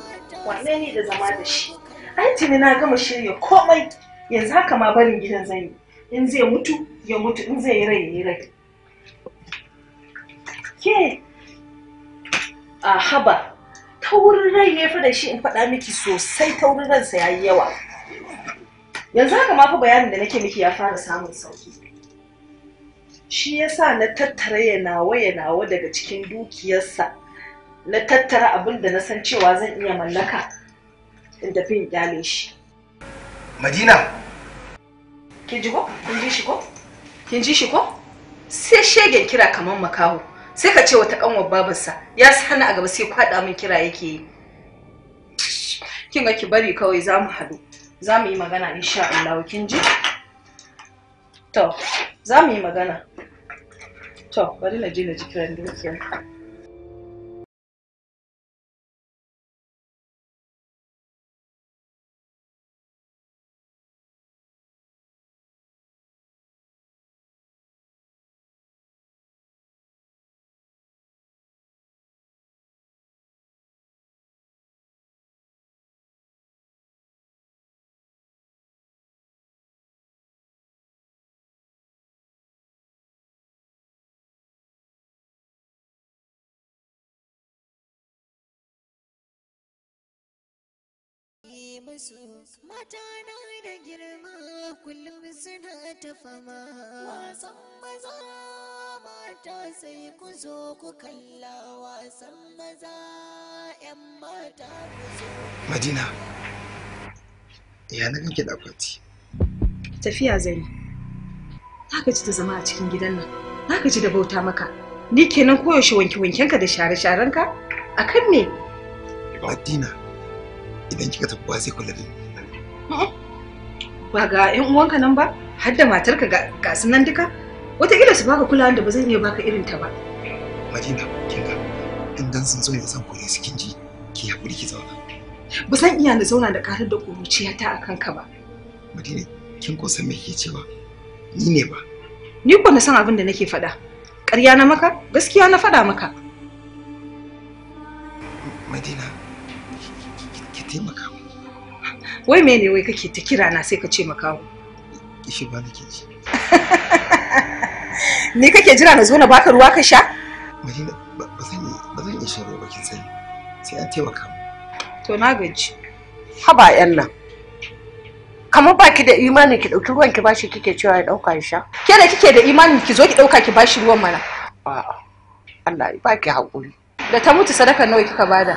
wane ni da zama da shi. Ai tuni na gama shirya komai yanzu haka ma barin gidan zan yi. In zai mutu ya mutu in zai yi rai yi rai ke a haba taurin rai ne fa da shi in faɗa miki sosai taurin ransa ya yi yawa yanzu haka ma fa bayanin da nake miki ya fara samun sauki shi yasa na tattara ya nawa ya nawa daga cikin dukiyarsa na tattara abin da na san cewa zan iya mallaka in tafi in kyale shi madina ki ji ko kun ji shi ko kin ji shi ko sai shegen kira kaman makaho sai ka ce wata kanwar babarsa ya sani a gaba sai kwada min kira yake yi kin ga ki bari kawai za mu haɗu za mu yi magana insha Allah kin ji to za mu yi magana to bari na je na ji kiran dukiya musu mata na da girma kullum suna ta fama wasan maza mata sai ku zo ku kalla wasan maza yan mata ku zo madina ya na kanki da akwati tafiya zai za ka ci ta zama a cikin gidan nan za ka ci da bauta maka ni kenan koyaushe wanke-wankenka da share-sharenka a kan ne. madina idan kika tafi ba zai kula da ba ga yan uwanka nan ba har da matarka ga su nan duka wataƙila su baka kulawa da ba zan iya baka irin ta ba madina kin ga in dan sun zo ne san kore su kin ji ki haƙuri ki zauna ba zan iya na zauna da karar da ta a kanka ba madina kin ko san me ke cewa ni ne ba ni ko na san abin da nake faɗa ƙarya na maka gaskiya na faɗa maka madina taimaka mu wai mene wai kake ta kira na sai ka ce makaho kishi ba nake ji ni kake jira na zo na baka ruwa ka sha Madina ba zan ba zan iya shan ruwa kin sani sai an taimaka mu to na gaji haba yan nan kamar ba ki da imani ki dauki ruwan ki bashi kike cewa ya ɗauka ya sha ke da kike da imani ki zo ki ɗauka ki bashi ruwan mana a'a Allah ya baki hakuri da ta mutu sadaka nawa kika bada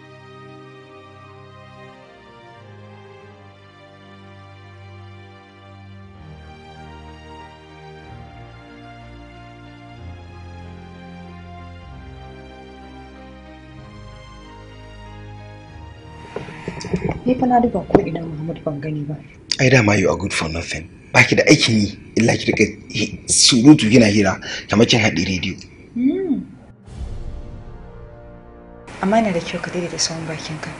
Ni fa na duba ko idan Muhammad ban gani ba. Ai ma you are good for nothing. Baki da aikin yi illa ki rika surutu kina hira kamar kin hadi rediyo. Hmm. Amma ina da kyau ka daidaita sauran bakinka.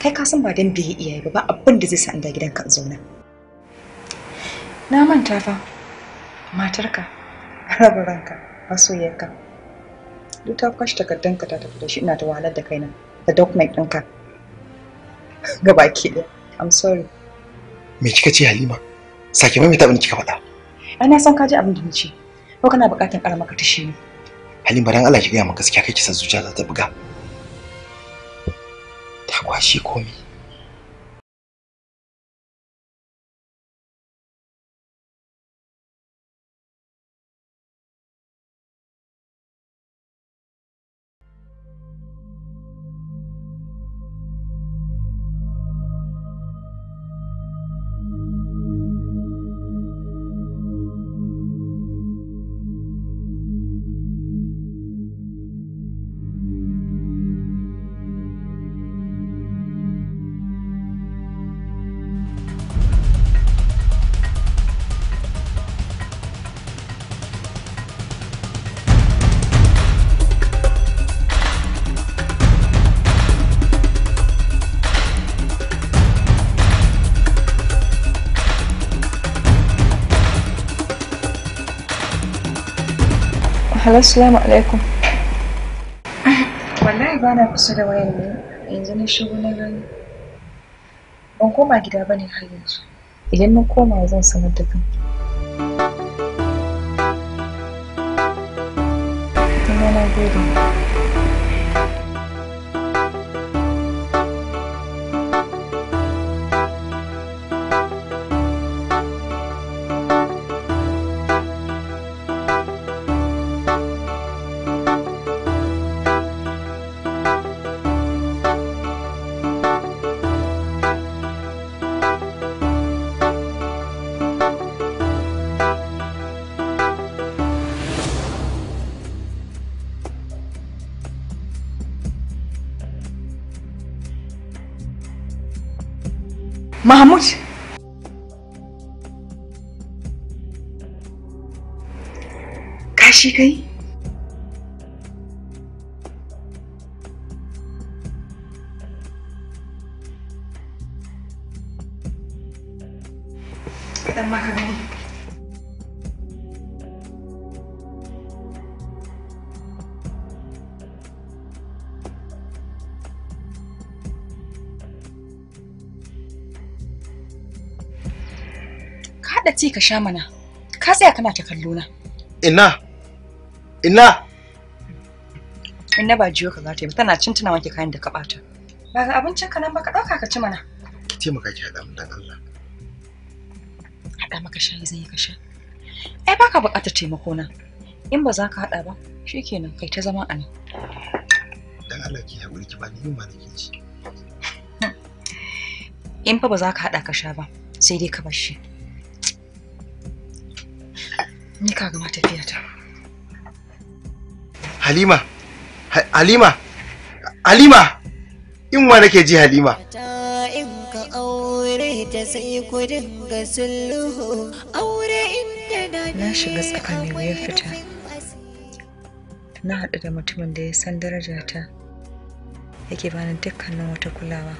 Kai ka san ba dan biye iyaye ba ba abin da zai sa inda gidanka in zauna. Na manta fa matarka raba ranka masoyarka. Duk ta kwashe takardanka ta tafi da shi ina ta wahalar da kaina da document ɗinka. baki ɗaya i'm sorry me kika ce halima sake mai abin kika faɗa ai na san ka ji abin da nace ko kana buƙatar ƙara maka tashi ne halima dan Allah ki gaya min gaskiya kai ki san zuciya za ta buga ta kwashi komai Hello, salamu alaikum. Wallahi ba na kusa da wayan ne, yanzu ne shigo na gani. Ban koma gida ba ne har yanzu. Idan na koma zan sanar da kan. Ina na gode. Mahmood काशी गई ci ka sha mana ka tsaya kana ta kallo na ina ina ina ba jiyo ka zata yi tana cin tana wanke kayan da ka bata ba ga abincin ka nan ba ka dauka ka ci mana ki taimaka ki haɗa mu dan Allah haɗa maka shayi zai yi ka sha ai baka bukatar taimako na in ba za ka haɗa ba shikenan kai ta zama a nan dan Allah ki hakuri ki ni yin malaki ci in fa ba za ka haɗa ka sha ba sai dai ka bar shi Ni ka gama tafiya ta. Halima, Halima, Halima, in wa nake ji Halima. Na shiga tsakanin wayar fita. Na haɗu da mutumin da ya san darajata yake bani dukkanin wata kulawa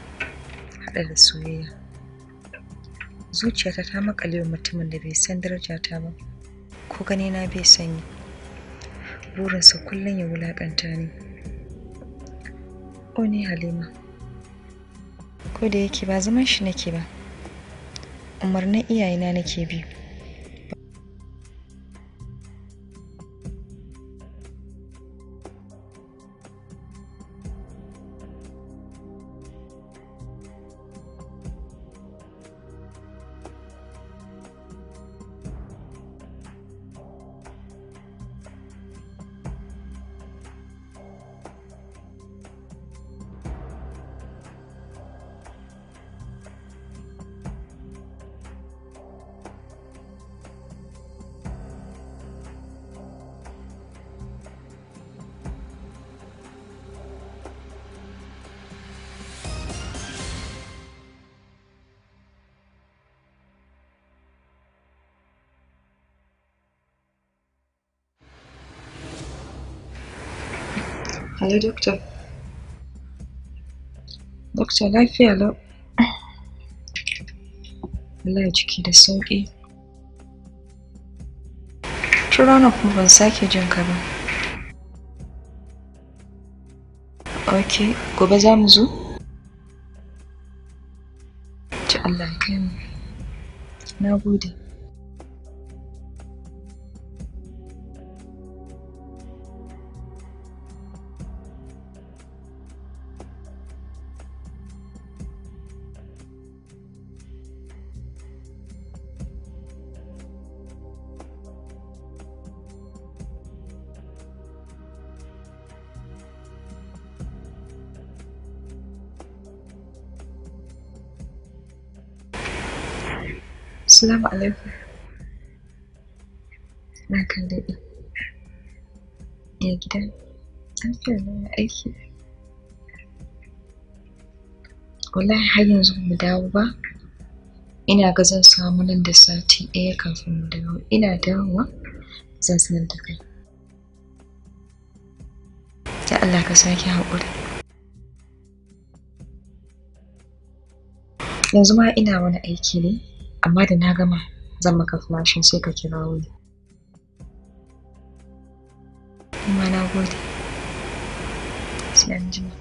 haɗa da soyayya. Zuciyata ta makale wa mutumin da bai san darajata ba. ko gani na bai sanyi burinsa kullum ya wulaƙanta ne o ne halima ko da yake ba zaman shi nake ba umarnin iyayena nake biyu Hallo Doktor. Doktor lafiya lau. ya ciki da sauƙi. Tun ranar kuma ban sake jin ka ba. Ok, gobe za mu zo? Ci Allah ya kai mu. Na gode. Assalamu alaikum. Na kan daɗi. Ya gida, lafiya na aiki. Wallahi har yanzu mu dawo ba. Ina ga zan samu nan da sati ɗaya kafin mu dawo. Ina dawowa zan sanar da kai. Ya Allah ka sake haƙuri. Yanzu ma ina wani aiki ne. amma da na gama zan maka flashin sai ka kira wuri kuma na gode sai an jima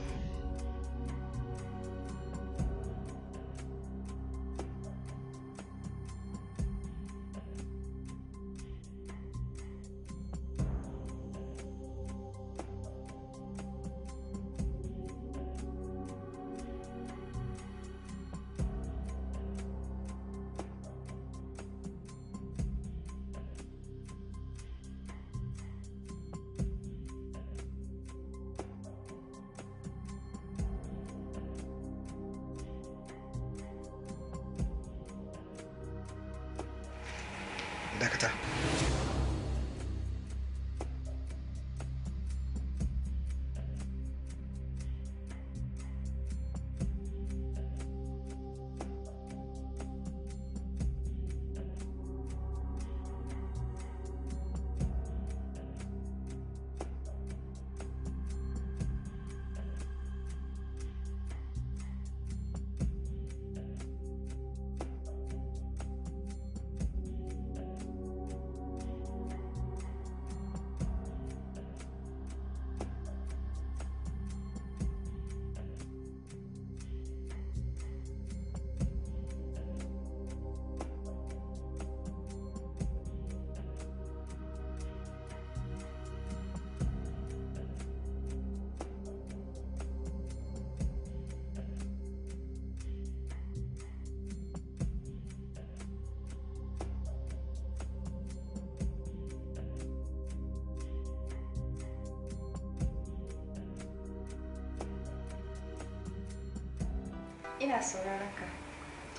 ina sauraron ka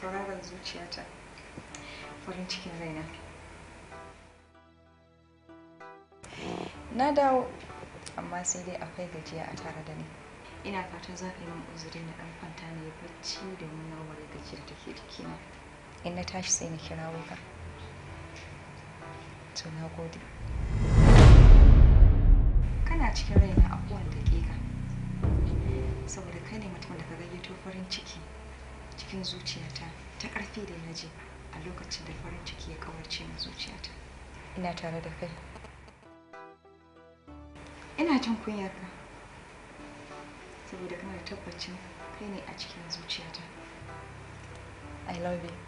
tauraron zuciyata farin cikin raina na dawo amma sai dai akwai gajiya a tare da ni ina fatan za ka yi min uzuri na dan kwanta na yi bacci domin warware gajiyar da ke jikina in na tashi sai na kira ka to na gode kana cikin raina a kowane daƙiƙa saboda kai ne mutum da ka gayyato farin ciki cikin zuciyata ta ƙarfi da naje a lokacin da farin ciki ya kawarce min zuciyata ina tare da kai ina jin kunyarka saboda kana tabbacin kai ne a cikin zuciyata i love you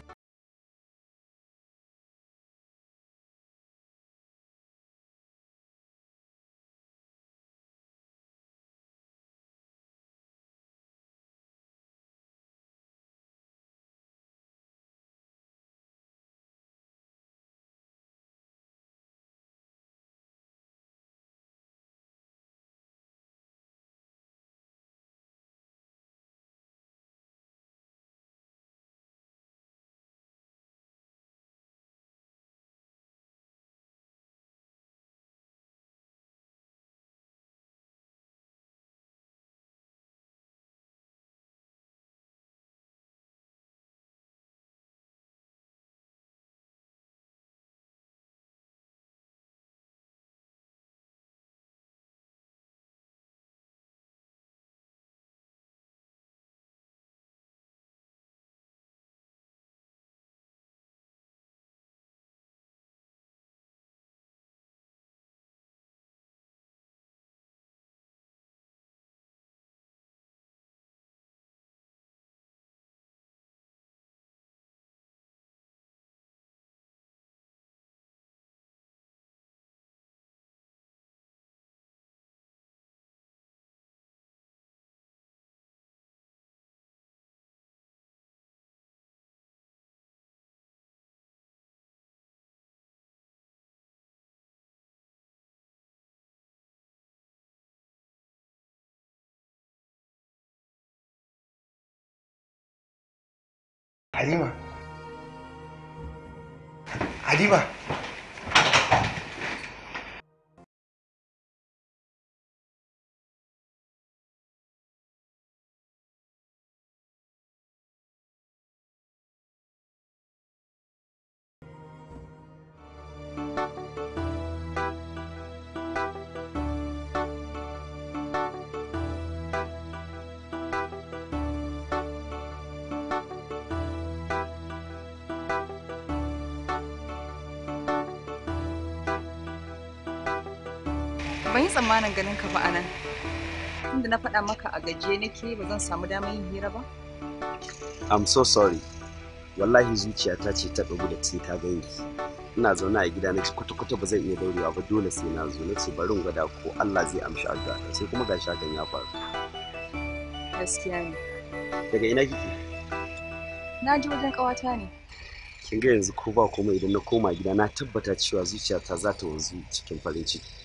Halimah. Halimah. tsammanin ganin ka ba anan. Inda na faɗa maka a gaje nake ba zan samu damar yin hira ba. I'm so sorry. Wallahi zuciyata ce ta ɗagu da ce ta gani. Ina zaune a gida na ce kwata-kwata ba zan iya daurewa ba dole sai na zo na bari in gwada ko Allah zai amshi addu'a sai kuma ga shakan ya faru. Gaskiya ne. Daga ina kike? Na ji wajen ƙawata ne. Kin ga yanzu ko ba komai idan na koma gida na tabbata cewa zuciyata za ta wanzu cikin farin ciki.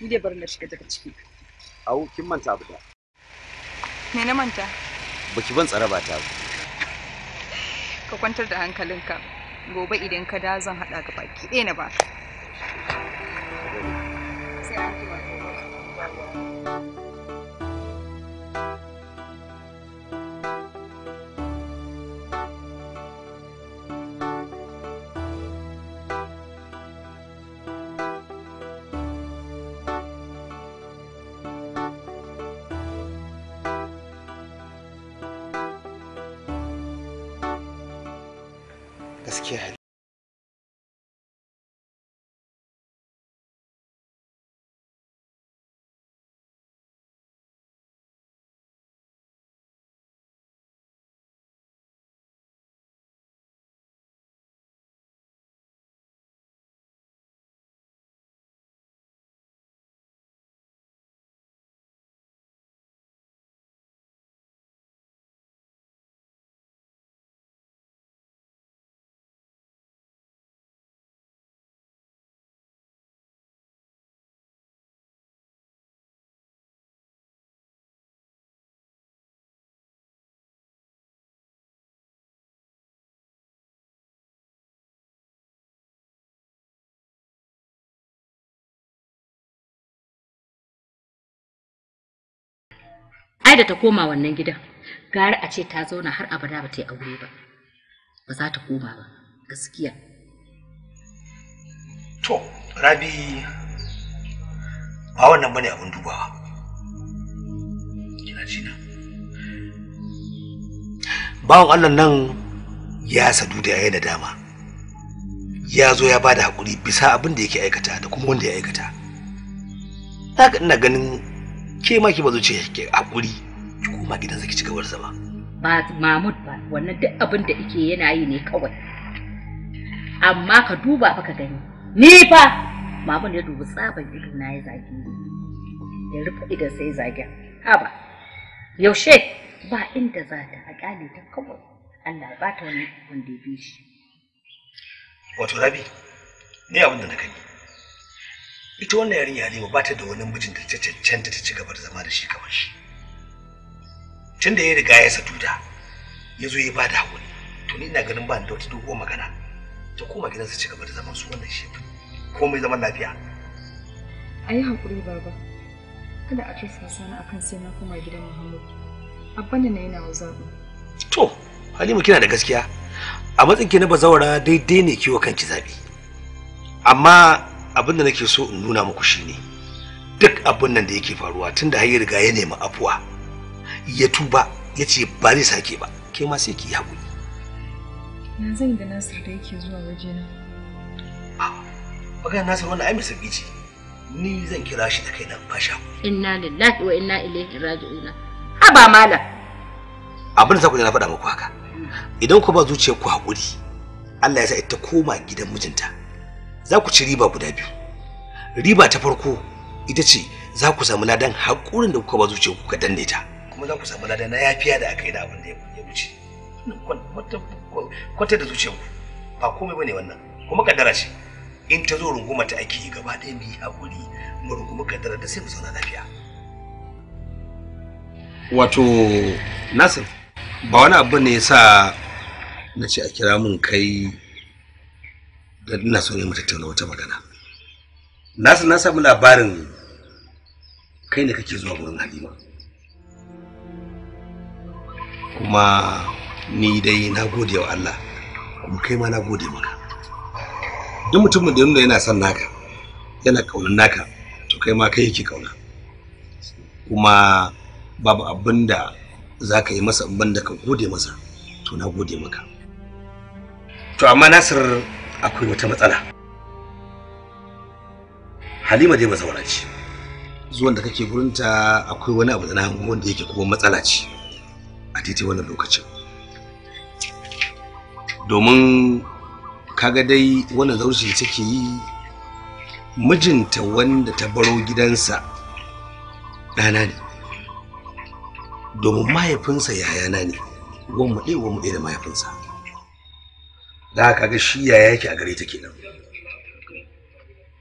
Ni dai bari na shiga daga ciki. Au, kin manta ba da. Me na manta? Baki ban tsara ba ta ba. Ka kwantar da hankalinka. Gobe idan ka da zan haɗa ka baki ɗaya na ba. Sai an Kid. ai da ta koma wannan gidan gara a ce ta zauna har abada ba ta yi aure ba ba za ta koma ba gaskiya to rabi ba wannan bane abin dubawa kina ji na bawan Allah nan ya sadu da yayi da dama ya zo ya bada hakuri bisa abin da yake aikata da kuma wanda ya aikata haka ina ganin ke ma ki bazo ce ki hakuri ki koma gidansa ki ci da zama ba Mahmud ba wannan duk abin da yake yana yi ne kawai amma ka duba fa ka gani ni fa Mahmud ya dubi tsaban ido na ya zagi ya rufe idan sai zage haba yaushe ba inda za ta a kyale ta kawai Allah ba ta wani wanda ya bi shi wato rabi ne abin da na kai ita wannan yarinya halima ba ta da wani mijin da ta cancanta ta ci gaba da zama da shi kamar shi tun da ya riga ya satu da ya zo ya bada hakuri to ni ina ganin ba ni da wata doguwar magana ta koma gidansa ci gaba da zaman su wannan shi komai zaman lafiya a yi hakuri baba kada a tursa sani akan sai na koma gidan muhammad abban da na yana wa zaɓi to halima kina da gaskiya a matsinki na bazawara daidai ne kiwo kanki zaɓi amma abin da nake so in nuna muku shine duk abin nan da yake faruwa tun da ya riga ya nemi afuwa ya tuba ya ce ba zai sake ba ke ma sai ki yi haƙuri na zan da nasir da yake zuwa waje na ah, magana nasir wannan ai mai sauki ni zan kira shi da kaina ba shi inna lillahi wa inna ilaihi raji'un haba malam abin da za ku na faɗa muku haka idan ku ba zuciyar ku haƙuri Allah ya sa ita koma gidan mijinta za ku ci riba guda biyu riba ta farko ita ce za ku samu ladan haƙurin da kuka ba zuciya kuka danne ta kuma za ku samu ladan na yafiya da aka yi da abin da ya wuce kwata da zuciyarku ba komai bane wannan kuma kaddara ce in ta zo runguma ta ake yi gaba ɗaya mu yi haƙuri mu runguma kaddara da sai mu zauna lafiya wato nasir ba wani abu ne ya sa na ce a kira mun kai don ina so ne mu tattauna wata magana nasu na samu labarin kai ne kake zuwa wurin halima kuma ni dai na gode wa Allah kuma kai ma na gode maka duk mutumin da yana son naka yana kaunar naka to kai ma kai yake kauna kuma babu abin da za ka yi masa abin da ka gode masa to na gode maka to amma nasir akwai wata matsala halima dai mazaura ce zuwan da kake gurinta akwai wani abu da na hango wanda yake kuma matsala ce a daidai wannan lokacin domin kaga dai wannan zaurci da take yi mijinta wanda ta baro gidansa ɗana ne domin mahaifinsa yayana ne wanmu ɗaya mu ɗaya da mahaifinsa za ka ga shi ya yake a gare ta kenan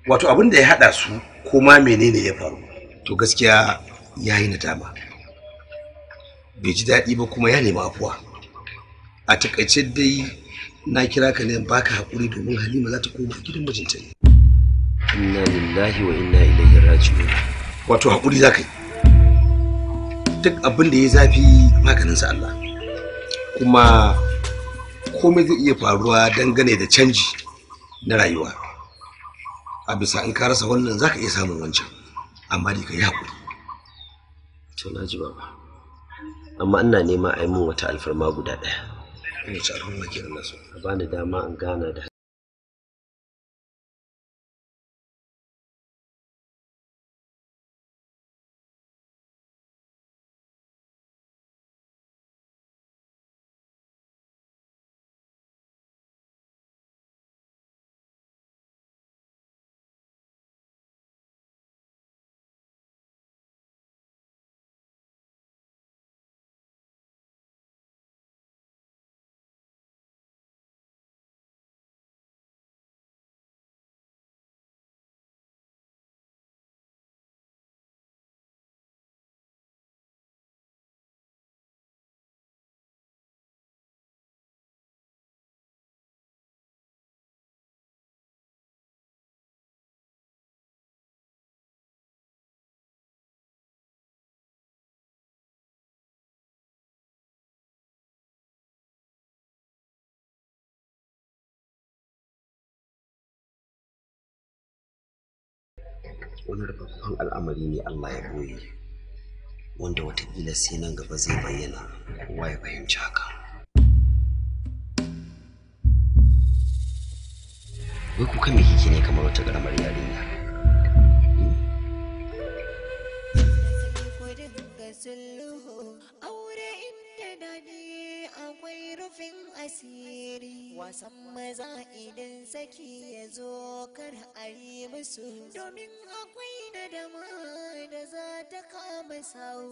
wato abin da ya haɗa su ko ma menene ya faru to gaskiya ya yi nadama bai ji daɗi ba kuma ya nemi afuwa a takaice dai na kira ka ne baka haƙuri domin halima za ta koma gidan mijinta ne inna lillahi wa inna ilaihi raji'un wato haƙuri za ka yi duk abin da ya zafi maganinsa Allah kuma komai zai iya faruwa dangane da canji na rayuwa a bisa in ka rasa wannan za ka iya samun wancan amma dai ka yi haƙuri to na ji baba amma ina nema a yi min wata alfarma guda ɗaya ina ci alfarma kenan na so a bani dama in gana da wani rufaffen al'amari ne Allah ya goye wanda watakila sai nan gaba zai bayyana kowa ya fahimci haka wai kuka me kike ne kamar wata karamar yarinya hmm? rufin asiri wasan maza idan saki ya zo kar a yi musu domin akwai na dama da za ta kama sau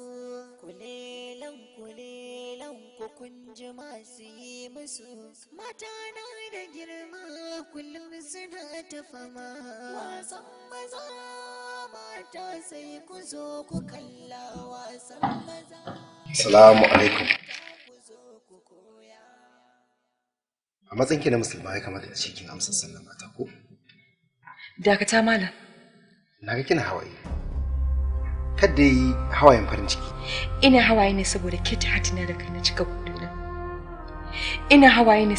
kulelan kulelan ku kun ji masu yi musu mata na da girma kullum suna ta fama wasan maza mata sai ku zo ku kalla wasan maza Assalamu alaikum. a matsayin ki na musulma ya kamata da cikin amsa sallan mata ko dakata malam na ga kina hawaye kada yi hawayen farin ciki ina hawaye ne saboda ke ta hatina da kana cika budura ina hawaye ne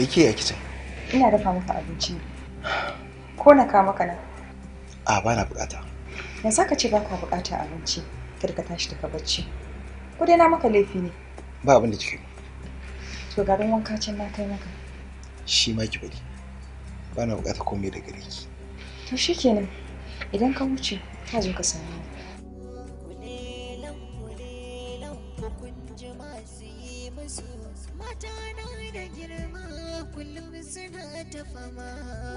me ke ya kicin ina dafa maka abinci ko na kama maka nan a ba na bukata dan saka ce baka bukata abinci kada ka tashi daga bacci ko dai na maka laifi ne ba abin da kike to garin wanka can na kai maka shi ma ki bari ba na bukata komai daga gare ki to shikenan idan ka wuce ka zo ka same My heart.